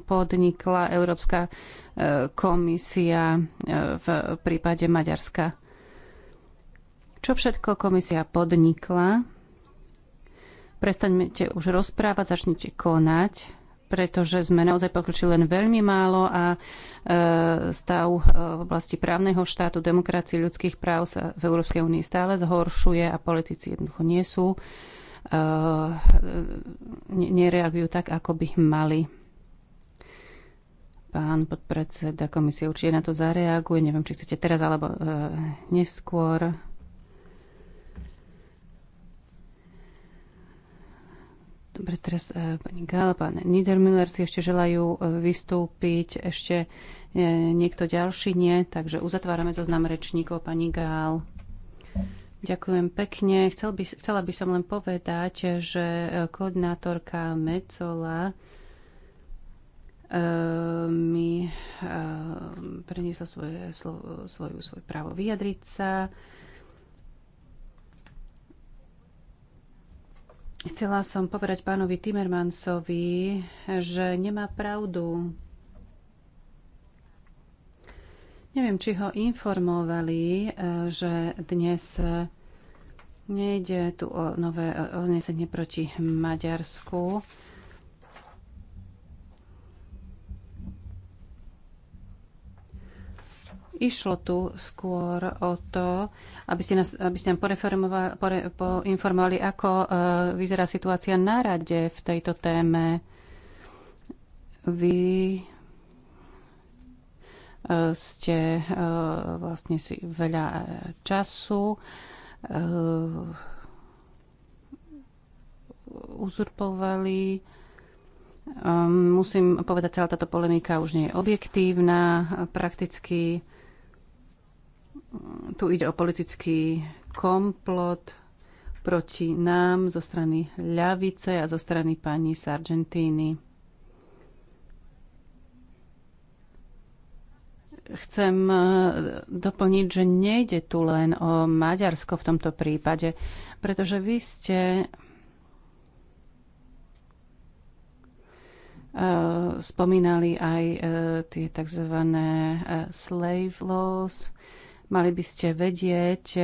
podnikla Európska komisia v prípade Maďarska. Čo všetko komisia podnikla? Prestaňte už rozprávať, začnite konať pretože sme naozaj pokročili len veľmi málo a e, stav e, v oblasti právneho štátu, demokracie, ľudských práv sa v Európskej únii stále zhoršuje a politici jednoducho nie sú, e, nereagujú tak, ako by mali. Pán podpredseda komisie určite na to zareaguje. Neviem, či chcete teraz alebo neskôr. Dobre, teraz e, pani Gál, pán Niedermüller si ešte želajú e, vystúpiť. Ešte e, niekto ďalší nie, takže uzatvárame zoznam rečníkov. Pani Gál. Ďakujem pekne. Chcel by, chcela by som len povedať, že koordinátorka Mecola mi preniesla svoje, svoj, svoj právo vyjadriť sa. Chcela som povedať pánovi Timmermansovi, že nemá pravdu. Neviem, či ho informovali, eh, že dnes nejde tu o nové oznesenie proti Maďarsku. Išlo tu skôr o to, aby ste, nás, aby ste nám pore, poinformovali, ako uh, vyzerá situácia na rade v tejto téme. Vy uh, ste uh, vlastne si veľa času uzurpovali. Um, musím povedať, celá táto polemika už nie je objektívna. Prakticky tu ide o politický komplot proti nám zo strany ľavice a zo strany pani Sargentini. Chcem e, doplniť, že nejde tu len o Maďarsko v tomto prípade, pretože vy ste e, spomínali aj e, tie tzv. slave laws, Mali by ste vedieť, e,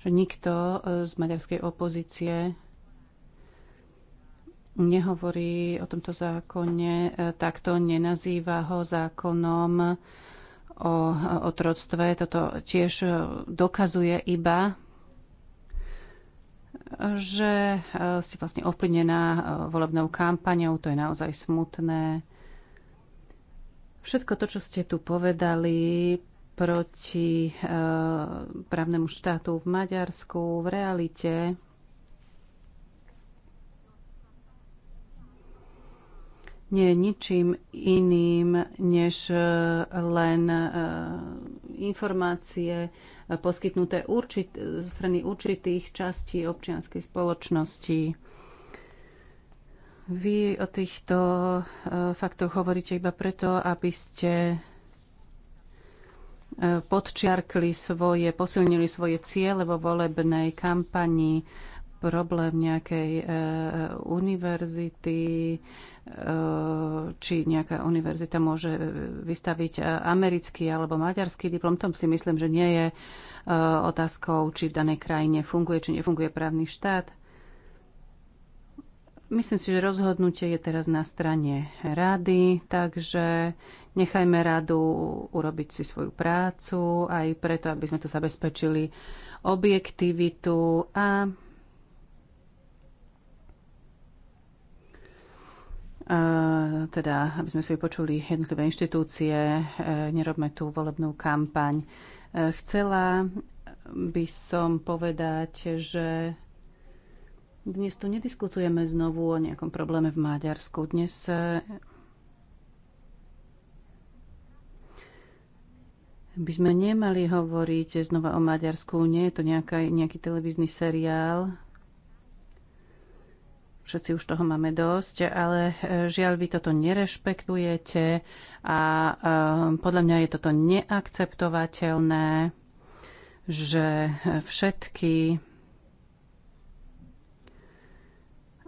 že nikto e, z maďarskej opozície nehovorí o tomto zákone, e, takto nenazýva ho zákonom o otroctve. Toto tiež dokazuje iba, že ste vlastne ovplyvnená volebnou kampaňou. To je naozaj smutné. Všetko to, čo ste tu povedali proti e, právnemu štátu v Maďarsku, v realite nie je ničím iným, než eh, len eh, informácie poskytnuté určit- strany určitých častí občianskej spoločnosti. Vy o týchto eh, faktoch hovoríte iba preto, aby ste eh, podčiarkli svoje, posilnili svoje ciele vo volebnej kampani, problém nejakej e, univerzity, e, či nejaká univerzita môže vystaviť americký alebo maďarský diplom. Tom si myslím, že nie je e, otázkou, či v danej krajine funguje, či nefunguje právny štát. Myslím si, že rozhodnutie je teraz na strane rady, takže nechajme radu urobiť si svoju prácu, aj preto, aby sme tu zabezpečili objektivitu a teda, aby sme si vypočuli jednotlivé inštitúcie, e, nerobme tú volebnú kampaň. E, chcela by som povedať, že dnes tu nediskutujeme znovu o nejakom probléme v Maďarsku. Dnes eh, by sme nemali hovoriť znova o Maďarsku. Nie je to nejaká, nejaký televízny seriál. Všetci už toho máme dosť, ale eh, žiaľ, vy toto nerešpektujete a eh, podľa mňa je toto neakceptovateľné, že všetky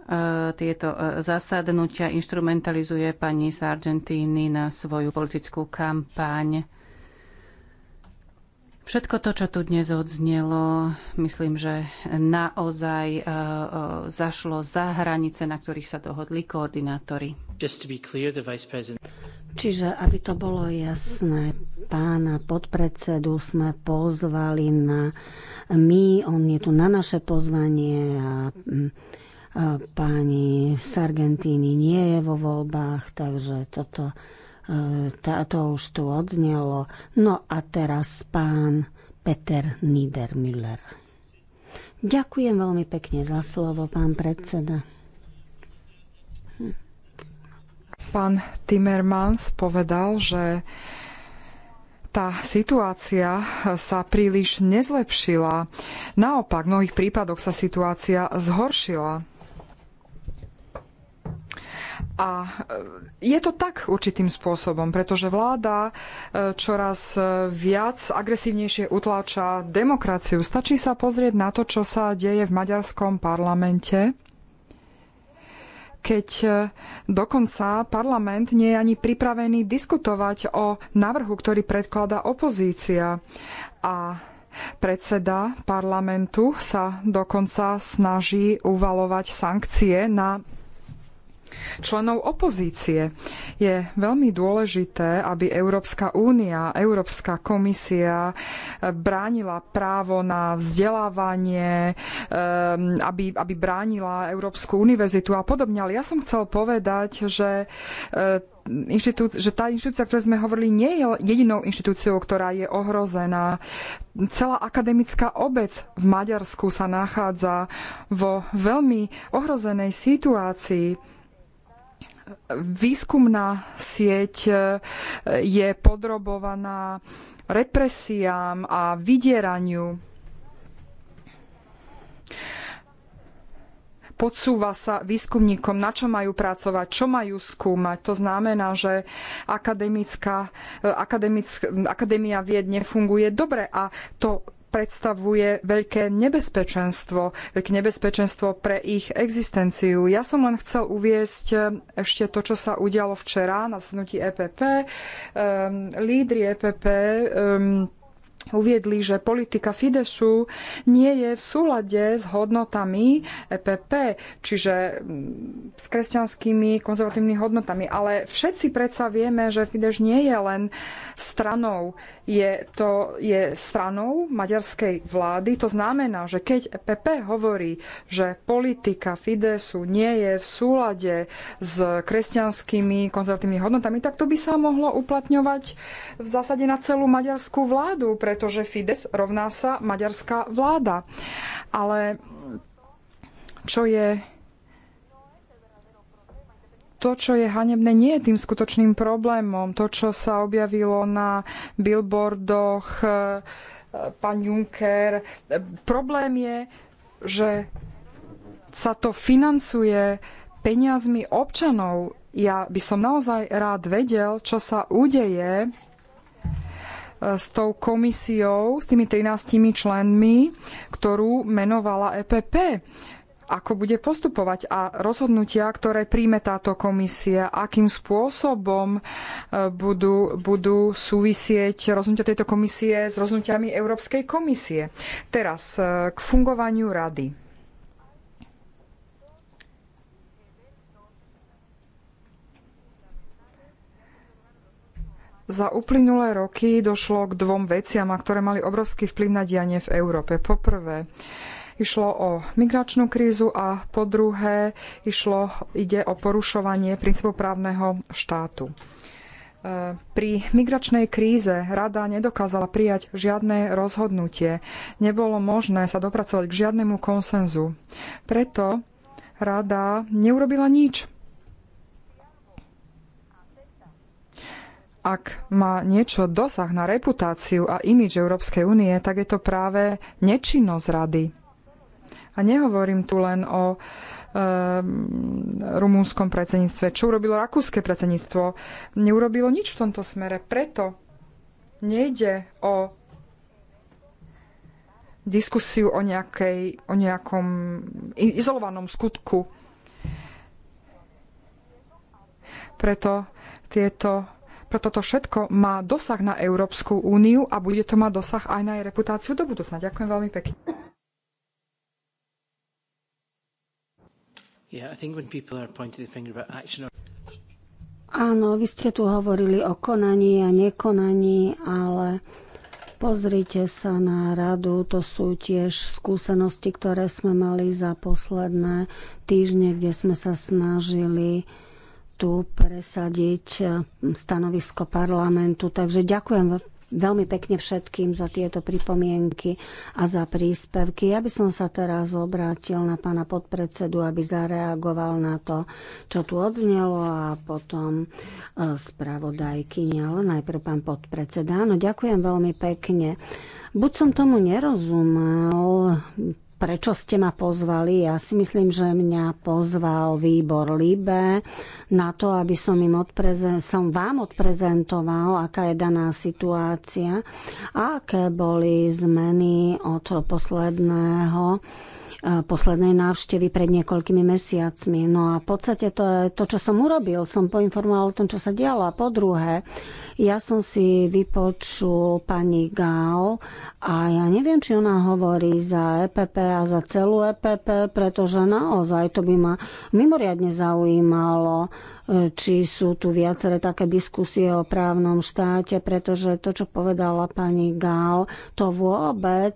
E, tieto e, zasadnutia instrumentalizuje pani Sargentini na svoju politickú kampaň. Všetko to, čo tu dnes odznelo, myslím, že naozaj e, zašlo za hranice, na ktorých sa dohodli koordinátori. Čiže, aby to bolo jasné, pána podpredsedu sme pozvali na my, on je tu na naše pozvanie a mm, Pani Sargentini nie je vo voľbách, takže toto e, to už tu odznelo. No a teraz pán Peter Niedermüller. Ďakujem veľmi pekne za slovo, pán predseda. Pán Timmermans povedal, že tá situácia sa príliš nezlepšila. Naopak, v mnohých prípadoch sa situácia zhoršila. A e, je to tak určitým spôsobom, pretože vláda e, čoraz e, viac agresívnejšie utláča demokraciu. Stačí sa pozrieť na to, čo sa deje v maďarskom parlamente, keď dokonca parlament nie je ani pripravený diskutovať o návrhu, ktorý predkladá opozícia. A predseda parlamentu sa dokonca snaží uvalovať sankcie na členov opozície. Je veľmi dôležité, aby Európska únia, Európska komisia eh, bránila právo na vzdelávanie, eh, aby, aby bránila Európsku univerzitu a podobne. Ale ja som chcel povedať, že eh, že tá inštitúcia, o ktorej sme hovorili, nie je jedinou inštitúciou, ktorá je ohrozená. Celá akademická obec v Maďarsku sa nachádza vo veľmi ohrozenej situácii výskumná sieť e, je podrobovaná represiám a vydieraniu. podsúva sa výskumníkom, na čo majú pracovať, čo majú skúmať. To znamená, že akademická, e, akadémia vied nefunguje dobre a to predstavuje veľké nebezpečenstvo, veľké nebezpečenstvo pre ich existenciu. Ja som len chcel uviesť ehm, ešte to, čo sa udialo včera na snutí EPP. Um, ehm, lídry EPP um, uviedli, že politika fidesu nie je v súlade s hodnotami EPP, čiže mm, s kresťanskými konzervatívnymi hodnotami. Ale všetci predsa vieme, že Fides nie je len stranou. Je to je stranou maďarskej vlády. To znamená, že keď EPP hovorí, že politika Fidesu nie je v súlade s kresťanskými konzervatívnymi hodnotami, tak to by sa mohlo uplatňovať v zásade na celú maďarskú vládu, pretože pretože Fides rovná sa maďarská vláda. Ale čo je to, čo je hanebné, nie je tým skutočným problémom. To, čo sa objavilo na billboardoch, eh, pán Juncker. Problém je, že sa to financuje peniazmi občanov. Ja by som naozaj rád vedel, čo sa udeje s tou komisiou, s tými 13 členmi, ktorú menovala EPP ako bude postupovať a rozhodnutia, ktoré príjme táto komisia, akým spôsobom e, budú, budú súvisieť rozhodnutia tejto komisie s rozhodnutiami Európskej komisie. Teraz e, k fungovaniu rady Za uplynulé roky došlo k dvom veciam, ktoré mali obrovský vplyv na dianie v Európe. Poprvé, išlo o migračnú krízu a po druhé išlo, ide o porušovanie princípu právneho štátu. E, pri migračnej kríze rada nedokázala prijať žiadne rozhodnutie. Nebolo možné sa dopracovať k žiadnemu konsenzu. Preto rada neurobila nič ak má niečo dosah na reputáciu a imidž Európskej únie, tak je to práve nečinnosť rady. A nehovorím tu len o e, ehm, rumúnskom predsedníctve. Čo urobilo rakúske predsedníctvo? Neurobilo nič v tomto smere. Preto nejde o diskusiu o, nejakej, o nejakom izolovanom skutku. Preto tieto preto to všetko má dosah na Európsku úniu a bude to mať dosah aj na jej reputáciu do budúcna. Ďakujem veľmi pekne. Áno, vy ste tu hovorili o konaní a nekonaní, ale pozrite sa na radu. To sú tiež skúsenosti, ktoré sme mali za posledné týždne, kde sme sa snažili tu presadiť e, stanovisko parlamentu. Takže ďakujem veľmi pekne všetkým za tieto pripomienky a za príspevky. Ja by som sa teraz obrátil na pána podpredsedu, aby zareagoval na to, čo tu odznelo a potom e, spravodajky. Ale najprv pán podpredseda. Áno, ďakujem veľmi pekne. Buď som tomu nerozumel, prečo ste ma pozvali. Ja si myslím, že mňa pozval výbor Libe na to, aby som, im odprezen- som vám odprezentoval, aká je daná situácia a aké boli zmeny od posledného e, poslednej návštevy pred niekoľkými mesiacmi. No a v podstate to je to, čo som urobil. Som poinformoval o tom, čo sa dialo. A po druhé, ja som si vypočul pani Gál a ja neviem, či ona hovorí za EPP a za celú EPP, pretože naozaj to by ma mimoriadne zaujímalo, e, či sú tu viaceré také diskusie o právnom štáte, pretože to, čo povedala pani Gál, to vôbec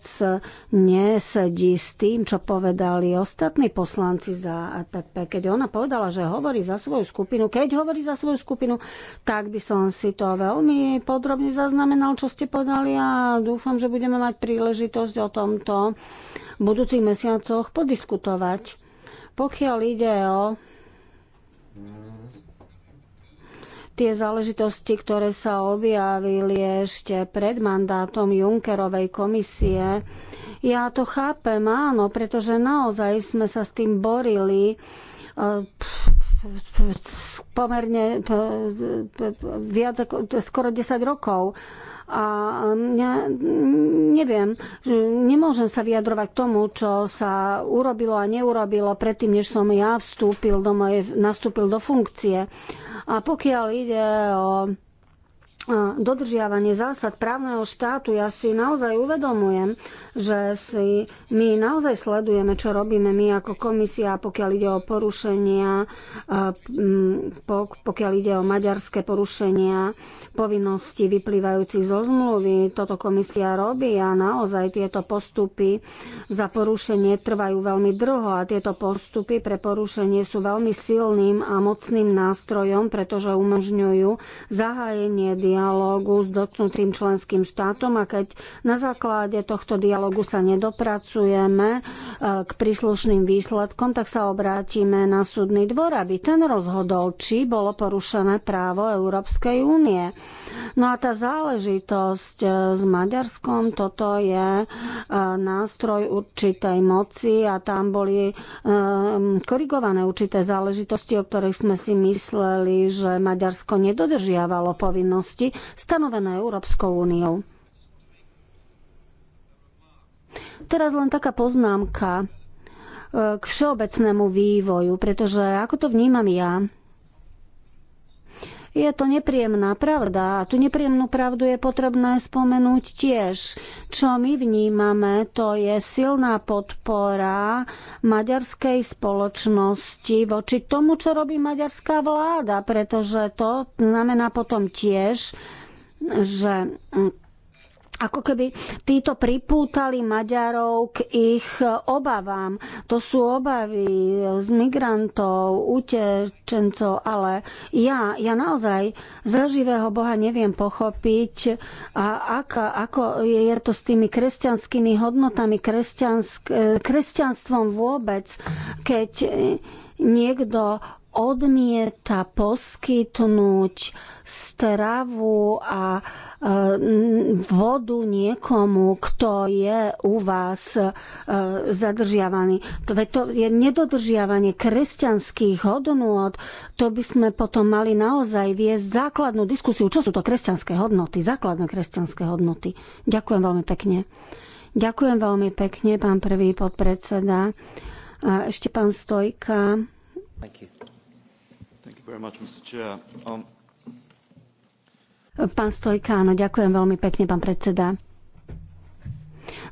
nesedí s tým, čo povedali ostatní poslanci za EPP. Keď ona povedala, že hovorí za svoju skupinu, keď hovorí za svoju skupinu, tak by som si to veľmi veľmi podrobne zaznamenal, čo ste podali a dúfam, že budeme mať príležitosť o tomto v budúcich mesiacoch podiskutovať. Pokiaľ ide o tie záležitosti, ktoré sa objavili ešte pred mandátom Junckerovej komisie. Ja to chápem, áno, pretože naozaj sme sa s tým borili. E, pomerne viac ako skoro 10 rokov. A um, ja mm, neviem, nemôžem sa vyjadrovať k tomu, čo sa urobilo a neurobilo predtým, než som ja vstúpil do mojej, nastúpil do funkcie. A pokiaľ ide o dodržiavanie zásad právneho štátu, ja si naozaj uvedomujem, že si my naozaj sledujeme, čo robíme my ako komisia, pokiaľ ide o porušenia, pokiaľ ide o maďarské porušenia povinností vyplývajúcich zo zmluvy. Toto komisia robí a naozaj tieto postupy za porušenie trvajú veľmi dlho a tieto postupy pre porušenie sú veľmi silným a mocným nástrojom, pretože umožňujú zahájenie dialógu s dotknutým členským štátom a keď na základe tohto dialógu sa nedopracujeme e, k príslušným výsledkom, tak sa obrátime na súdny dvor, aby ten rozhodol, či bolo porušené právo Európskej únie. No a tá záležitosť e, s Maďarskom, toto je e, nástroj určitej moci a tam boli korigované určité záležitosti, o ktorých sme si mysleli, že Maďarsko nedodržiavalo povinnosti oblasti stanovené Európskou úniou. Teraz len taká poznámka e, k všeobecnému vývoju, pretože ako to vnímam ja, je to nepríjemná pravda a tú nepríjemnú pravdu je potrebné spomenúť tiež. Čo my vnímame, to je silná podpora maďarskej spoločnosti voči tomu, čo robí maďarská vláda, pretože to znamená potom tiež, že ako keby títo pripútali Maďarov k ich obavám. To sú obavy z migrantov, utečencov, ale ja, ja naozaj z živého Boha neviem pochopiť, a ako, ako je to s tými kresťanskými hodnotami, kresťansk, kresťanstvom vôbec, keď niekto odmieta poskytnúť stravu a Ehm, vodu niekomu, kto je u vás ehm, zadržiavaný. to je nedodržiavanie kresťanských hodnôt. To by sme potom mali naozaj viesť základnú diskusiu. Čo sú to kresťanské hodnoty? Základné kresťanské hodnoty. Ďakujem veľmi pekne. Ďakujem veľmi pekne, pán prvý podpredseda. A ešte pán Stojka. Thank you. Thank you very much, Mr. Chair. Um, Pán Stojka, áno, ďakujem veľmi pekne, pán predseda.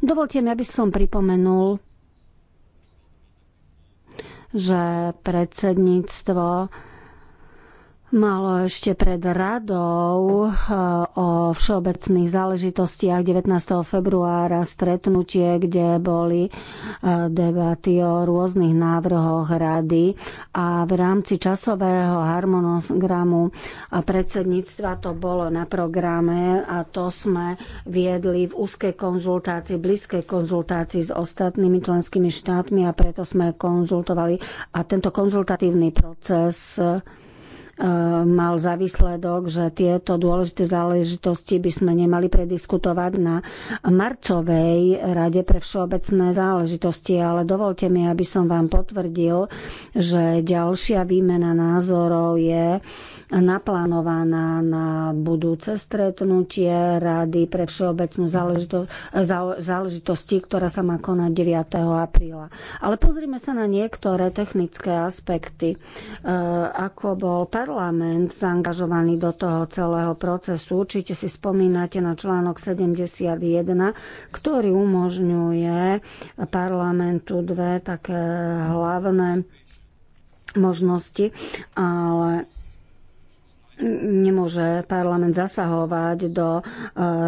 Dovolte mi, aby som pripomenul, že predsedníctvo malo ešte pred radou eh, o všeobecných záležitostiach 19. februára stretnutie, kde boli eh, debaty o rôznych návrhoch rady a v rámci časového harmonogramu a predsedníctva to bolo na programe a to sme viedli v úzkej konzultácii, blízkej konzultácii s ostatnými členskými štátmi a preto sme konzultovali a tento konzultatívny proces Eh, mal za výsledok, že tieto dôležité záležitosti by sme nemali prediskutovať na marcovej rade pre všeobecné záležitosti, ale dovolte mi, aby som vám potvrdil, že ďalšia výmena názorov je naplánovaná na budúce stretnutie rady pre všeobecnú záležito- záležitosti, ktorá sa má konať 9. apríla. Ale pozrime sa na niektoré technické aspekty. Eh, ako bol parlament parlament zaangažovaný do toho celého procesu. Určite si spomínate na článok 71, ktorý umožňuje parlamentu dve také hlavné možnosti, ale nemôže parlament zasahovať do e,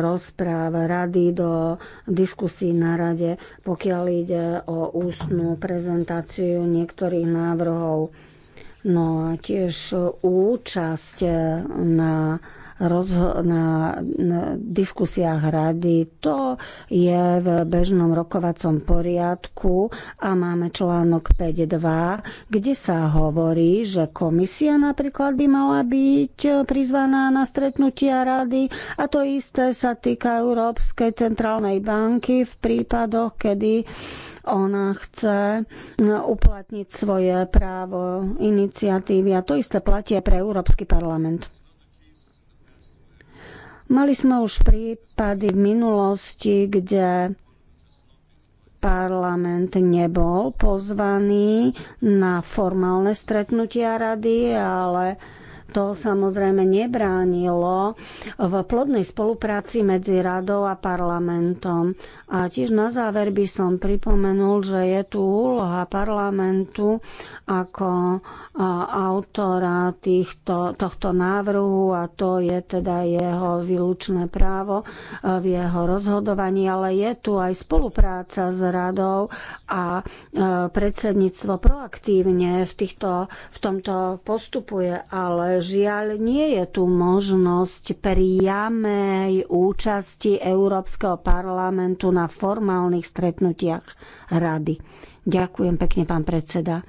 rozpráv rady, do diskusí na rade, pokiaľ ide o ústnu prezentáciu niektorých návrhov. No a tiež účasť na, rozho- na, na diskusiách rady, to je v bežnom rokovacom poriadku a máme článok 5.2, kde sa hovorí, že komisia napríklad by mala byť prizvaná na stretnutia rady a to isté sa týka Európskej centrálnej banky v prípadoch, kedy ona chce uplatniť svoje právo iniciatívy a to isté platie pre Európsky parlament. Mali sme už prípady v minulosti, kde parlament nebol pozvaný na formálne stretnutia rady, ale to samozrejme nebránilo v plodnej spolupráci medzi radou a parlamentom. A tiež na záver by som pripomenul, že je tu úloha parlamentu ako autora týchto, tohto návrhu a to je teda jeho výlučné právo e, v jeho rozhodovaní, ale je tu aj spolupráca s radou a e, predsedníctvo proaktívne v, týchto, v tomto postupuje, ale Žiaľ, nie je tu možnosť priamej účasti Európskeho parlamentu na formálnych stretnutiach rady. Ďakujem pekne, pán predseda.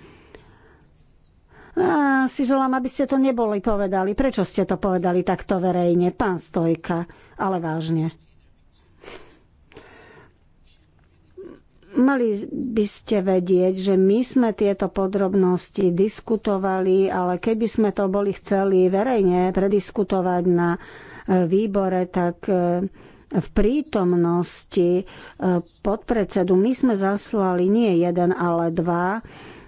A si želám, aby ste to neboli povedali. Prečo ste to povedali takto verejne, pán Stojka? Ale vážne. Mali by ste vedieť, že my sme tieto podrobnosti diskutovali, ale keby sme to boli chceli verejne prediskutovať na e, výbore, tak e, v prítomnosti e, podpredsedu my sme zaslali nie jeden, ale dva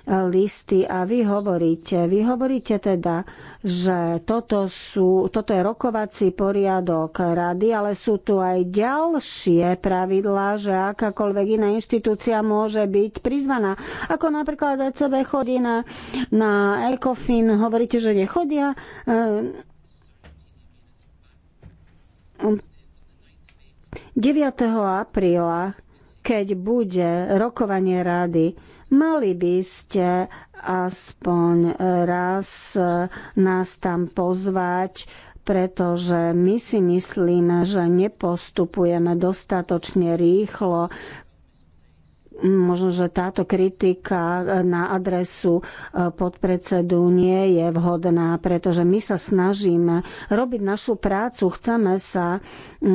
listy a vy hovoríte, vy hovoríte teda, že toto, sú, toto je rokovací poriadok rady, ale sú tu aj ďalšie pravidlá, že akákoľvek iná inštitúcia môže byť prizvaná. Ako napríklad ECB chodí na, na ECOFIN, hovoríte, že nechodia. Um, eh, 9. apríla keď bude rokovanie rady, mali by ste aspoň raz nás tam pozvať, pretože my si myslíme, že nepostupujeme dostatočne rýchlo, možno, že táto kritika na adresu e, podpredsedu nie je vhodná, pretože my sa snažíme robiť našu prácu, chceme sa mm, e,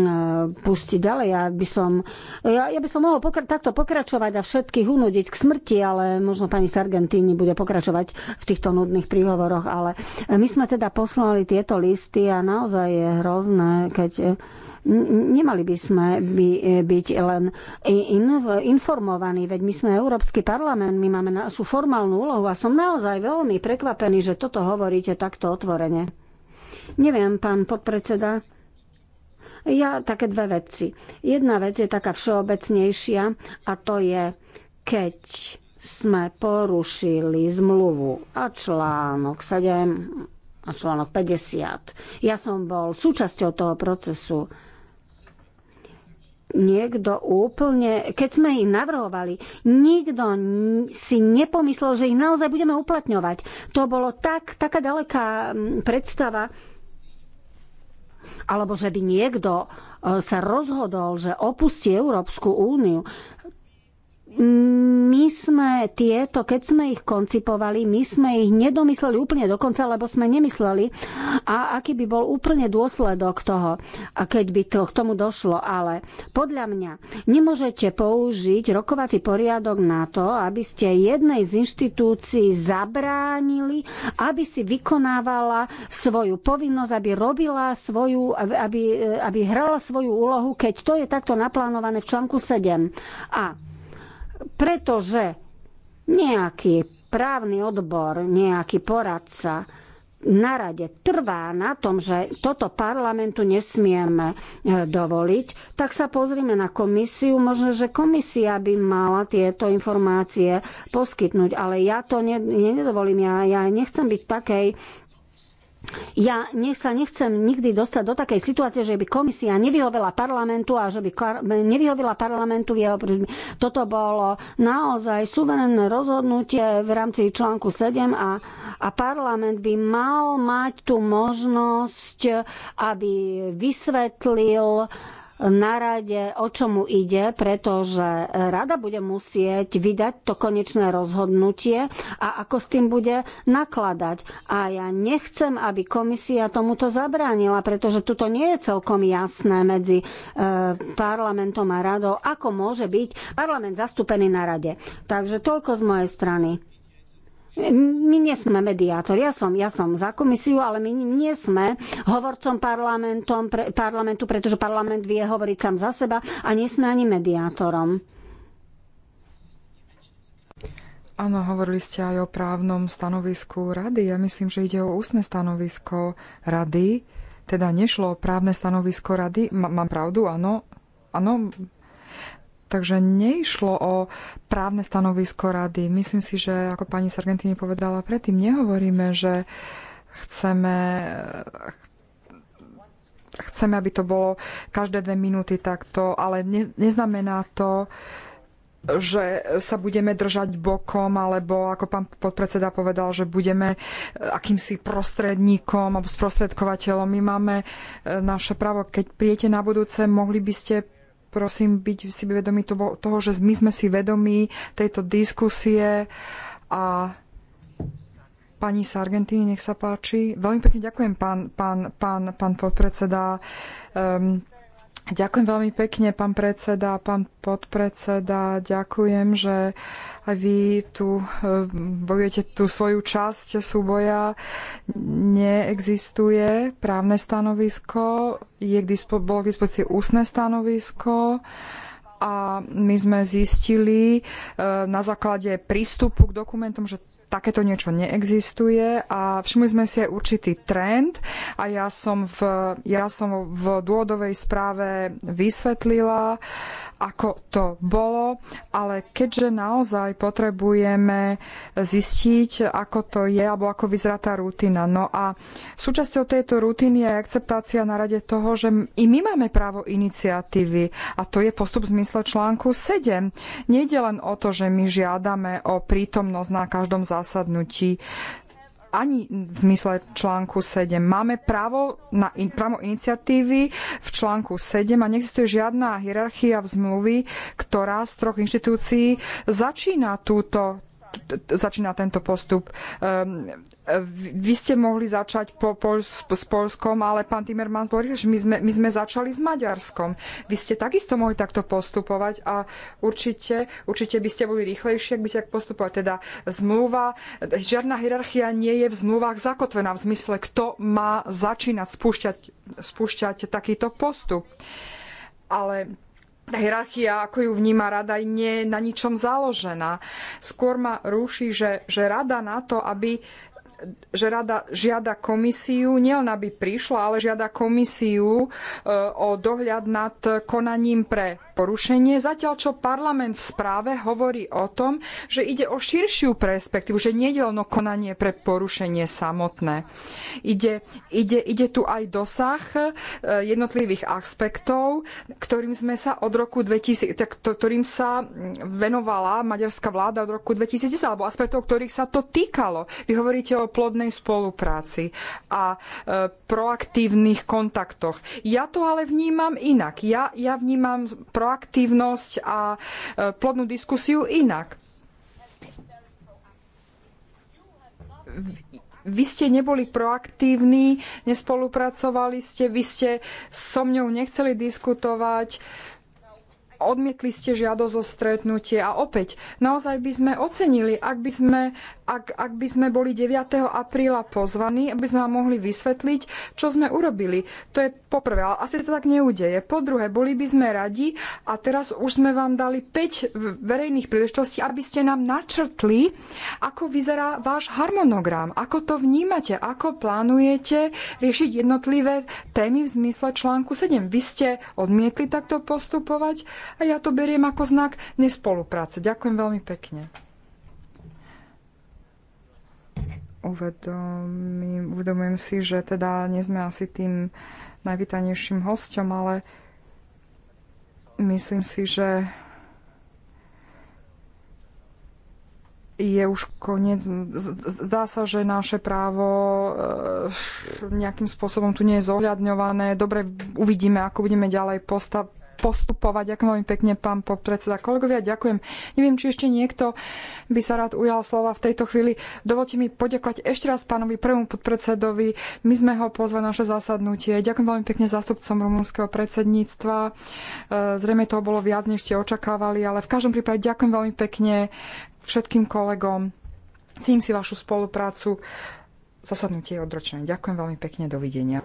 pustiť ďalej. Ja by som, ja, ja by som mohol pokra- takto pokračovať a všetkých unudiť k smrti, ale možno pani Sargentini bude pokračovať v týchto nudných príhovoroch, ale my sme teda poslali tieto listy a naozaj je hrozné, keď e, Nemali by sme by, e, byť len in, informovaní, veď my sme Európsky parlament, my máme našu formálnu úlohu a som naozaj veľmi prekvapený, že toto hovoríte takto otvorene. Neviem, pán podpredseda, ja také dve veci. Jedna vec je taká všeobecnejšia a to je, keď sme porušili zmluvu a článok 7 a článok 50. Ja som bol súčasťou toho procesu niekto úplne, keď sme ich navrhovali, nikto si nepomyslel, že ich naozaj budeme uplatňovať. To bolo tak, taká daleká predstava, alebo že by niekto e, sa rozhodol, že opustí Európsku úniu my sme tieto, keď sme ich koncipovali, my sme ich nedomysleli úplne dokonca, lebo sme nemysleli, a aký by bol úplne dôsledok toho, a keď by to k tomu došlo. Ale podľa mňa nemôžete použiť rokovací poriadok na to, aby ste jednej z inštitúcií zabránili, aby si vykonávala svoju povinnosť, aby robila svoju, aby, aby hrala svoju úlohu, keď to je takto naplánované v článku 7. A pretože nejaký právny odbor, nejaký poradca na rade trvá na tom, že toto parlamentu nesmieme e, dovoliť, tak sa pozrime na komisiu. Možno, že komisia by mala tieto informácie poskytnúť, ale ja to nedovolím. Ja, ja nechcem byť v takej ja nech sa nechcem nikdy dostať do takej situácie, že by komisia nevyhovela parlamentu a že by nevyhovela parlamentu v jeho prížby. Toto bolo naozaj suverénne rozhodnutie v rámci článku 7 a, a parlament by mal mať tú možnosť, aby vysvetlil uh, na rade, o čo mu ide, pretože rada bude musieť vydať to konečné rozhodnutie a ako s tým bude nakladať. A ja nechcem, aby komisia tomuto zabránila, pretože tuto nie je celkom jasné medzi e, parlamentom a radou, ako môže byť parlament zastúpený na rade. Takže toľko z mojej strany my nie sme mediátor. Ja som, ja som za komisiu, ale my nie sme hovorcom parlamentom, pre, parlamentu, pretože parlament vie hovoriť sám za seba a nie sme ani mediátorom. Áno, hovorili ste aj o právnom stanovisku rady. Ja myslím, že ide o ústne stanovisko rady. Teda nešlo o právne stanovisko rady. M- mám pravdu, áno? Áno, Takže neišlo o právne stanovisko rady. Myslím si, že ako pani Sargentini povedala predtým, nehovoríme, že chceme chceme, aby to bolo každé dve minúty takto, ale ne, neznamená to, že sa budeme držať bokom, alebo ako pán podpredseda povedal, že budeme e, akýmsi prostredníkom alebo sprostredkovateľom. My máme e, naše právo, keď príjete na budúce, mohli by ste prosím byť si vedomí toho, že my sme si vedomí tejto diskusie a pani z Argentíny, nech sa páči. Veľmi pekne ďakujem, pán, pán, pán, pán podpredseda. Um, Ďakujem veľmi pekne, pán predseda, pán podpredseda. Ďakujem, že aj vy tu eh, bojujete tú svoju časť súboja. Neexistuje právne stanovisko, je k dispo, bolo k dispozícii ústne stanovisko a my sme zistili eh, na základe prístupu k dokumentom, že takéto niečo neexistuje a všimli sme si aj určitý trend a ja som v, ja som v dôvodovej správe vysvetlila, ako to bolo, ale keďže naozaj potrebujeme zistiť, ako to je alebo ako vyzerá tá rutina. No a súčasťou tejto rutiny je akceptácia na rade toho, že i my máme právo iniciatívy a to je postup v zmysle článku 7. Nejde len o to, že my žiadame o prítomnosť na každom záležitosti zásadnutí ani v zmysle článku 7. Máme právo na in, právo iniciatívy v článku 7 a neexistuje žiadna hierarchia v zmluvy, ktorá z troch inštitúcií začína túto, začína tento postup. Ehm, vy ste mohli začať po Pol- s Polskom, ale pán Timmermans hovoril, že my sme, my sme začali s Maďarskom. Vy ste takisto mohli takto postupovať a určite, určite by ste boli rýchlejšie, ak by ste tak postupovali. Teda zmluva, žiadna hierarchia nie je v zmluvách zakotvená v zmysle, kto má začínať spúšťať, spúšťať takýto postup. Ale tá hierarchia, ako ju vníma rada, nie je na ničom založená. Skôr ma rúši, že, že rada na to, aby že rada žiada komisiu, nielen aby prišla, ale žiada komisiu e, o dohľad nad konaním pre porušenie, zatiaľ čo parlament v správe hovorí o tom, že ide o širšiu perspektívu, že nie je len konanie pre porušenie samotné. Ide, ide, ide tu aj dosah e, jednotlivých aspektov, ktorým sme sa od roku 2000, ktorým sa venovala maďarská vláda od roku 2010, alebo aspektov, ktorých sa to týkalo. Vy hovoríte o plodnej spolupráci a e, proaktívnych kontaktoch. Ja to ale vnímam inak. Ja, ja vnímam proaktívnosť a e, plodnú diskusiu inak. Vy ste neboli proaktívni, nespolupracovali ste, vy ste so mňou nechceli diskutovať. Uh, odmietli ste žiadosť o stretnutie a opäť, naozaj by sme ocenili, ak by sme, ak, ak by sme boli 9. apríla pozvaní, aby sme vám mohli vysvetliť, čo sme urobili. To je poprvé, ale asi sa tak neudeje. Po druhé, boli by sme radi a teraz už sme vám dali 5 verejných príležitostí, aby ste nám načrtli, ako vyzerá váš harmonogram, ako to vnímate, ako plánujete riešiť jednotlivé témy v zmysle článku 7. Vy ste odmietli takto postupovať a ja to beriem ako znak nespolupráce. Ďakujem veľmi pekne. Uvedomím, uvedomujem si, že teda nie sme asi tým najvítanejším hostom, ale myslím si, že je už koniec. Zdá sa, že naše právo eh, nejakým spôsobom tu nie je zohľadňované. Dobre, uvidíme, ako budeme ďalej postaviť postupovať. Ďakujem veľmi pekne, pán podpredseda. Kolegovia, ďakujem. Neviem, či ešte niekto by sa rád ujal slova v tejto chvíli. Dovolte mi poďakovať ešte raz pánovi prvému podpredsedovi. My sme ho pozvali na naše zasadnutie. Ďakujem veľmi pekne zástupcom rumunského predsedníctva. E, zrejme toho bolo viac, než ste očakávali, ale v každom prípade ďakujem veľmi pekne všetkým kolegom. Cím si vašu spoluprácu. Zasadnutie je odročené. Ďakujem veľmi pekne. Dovidenia.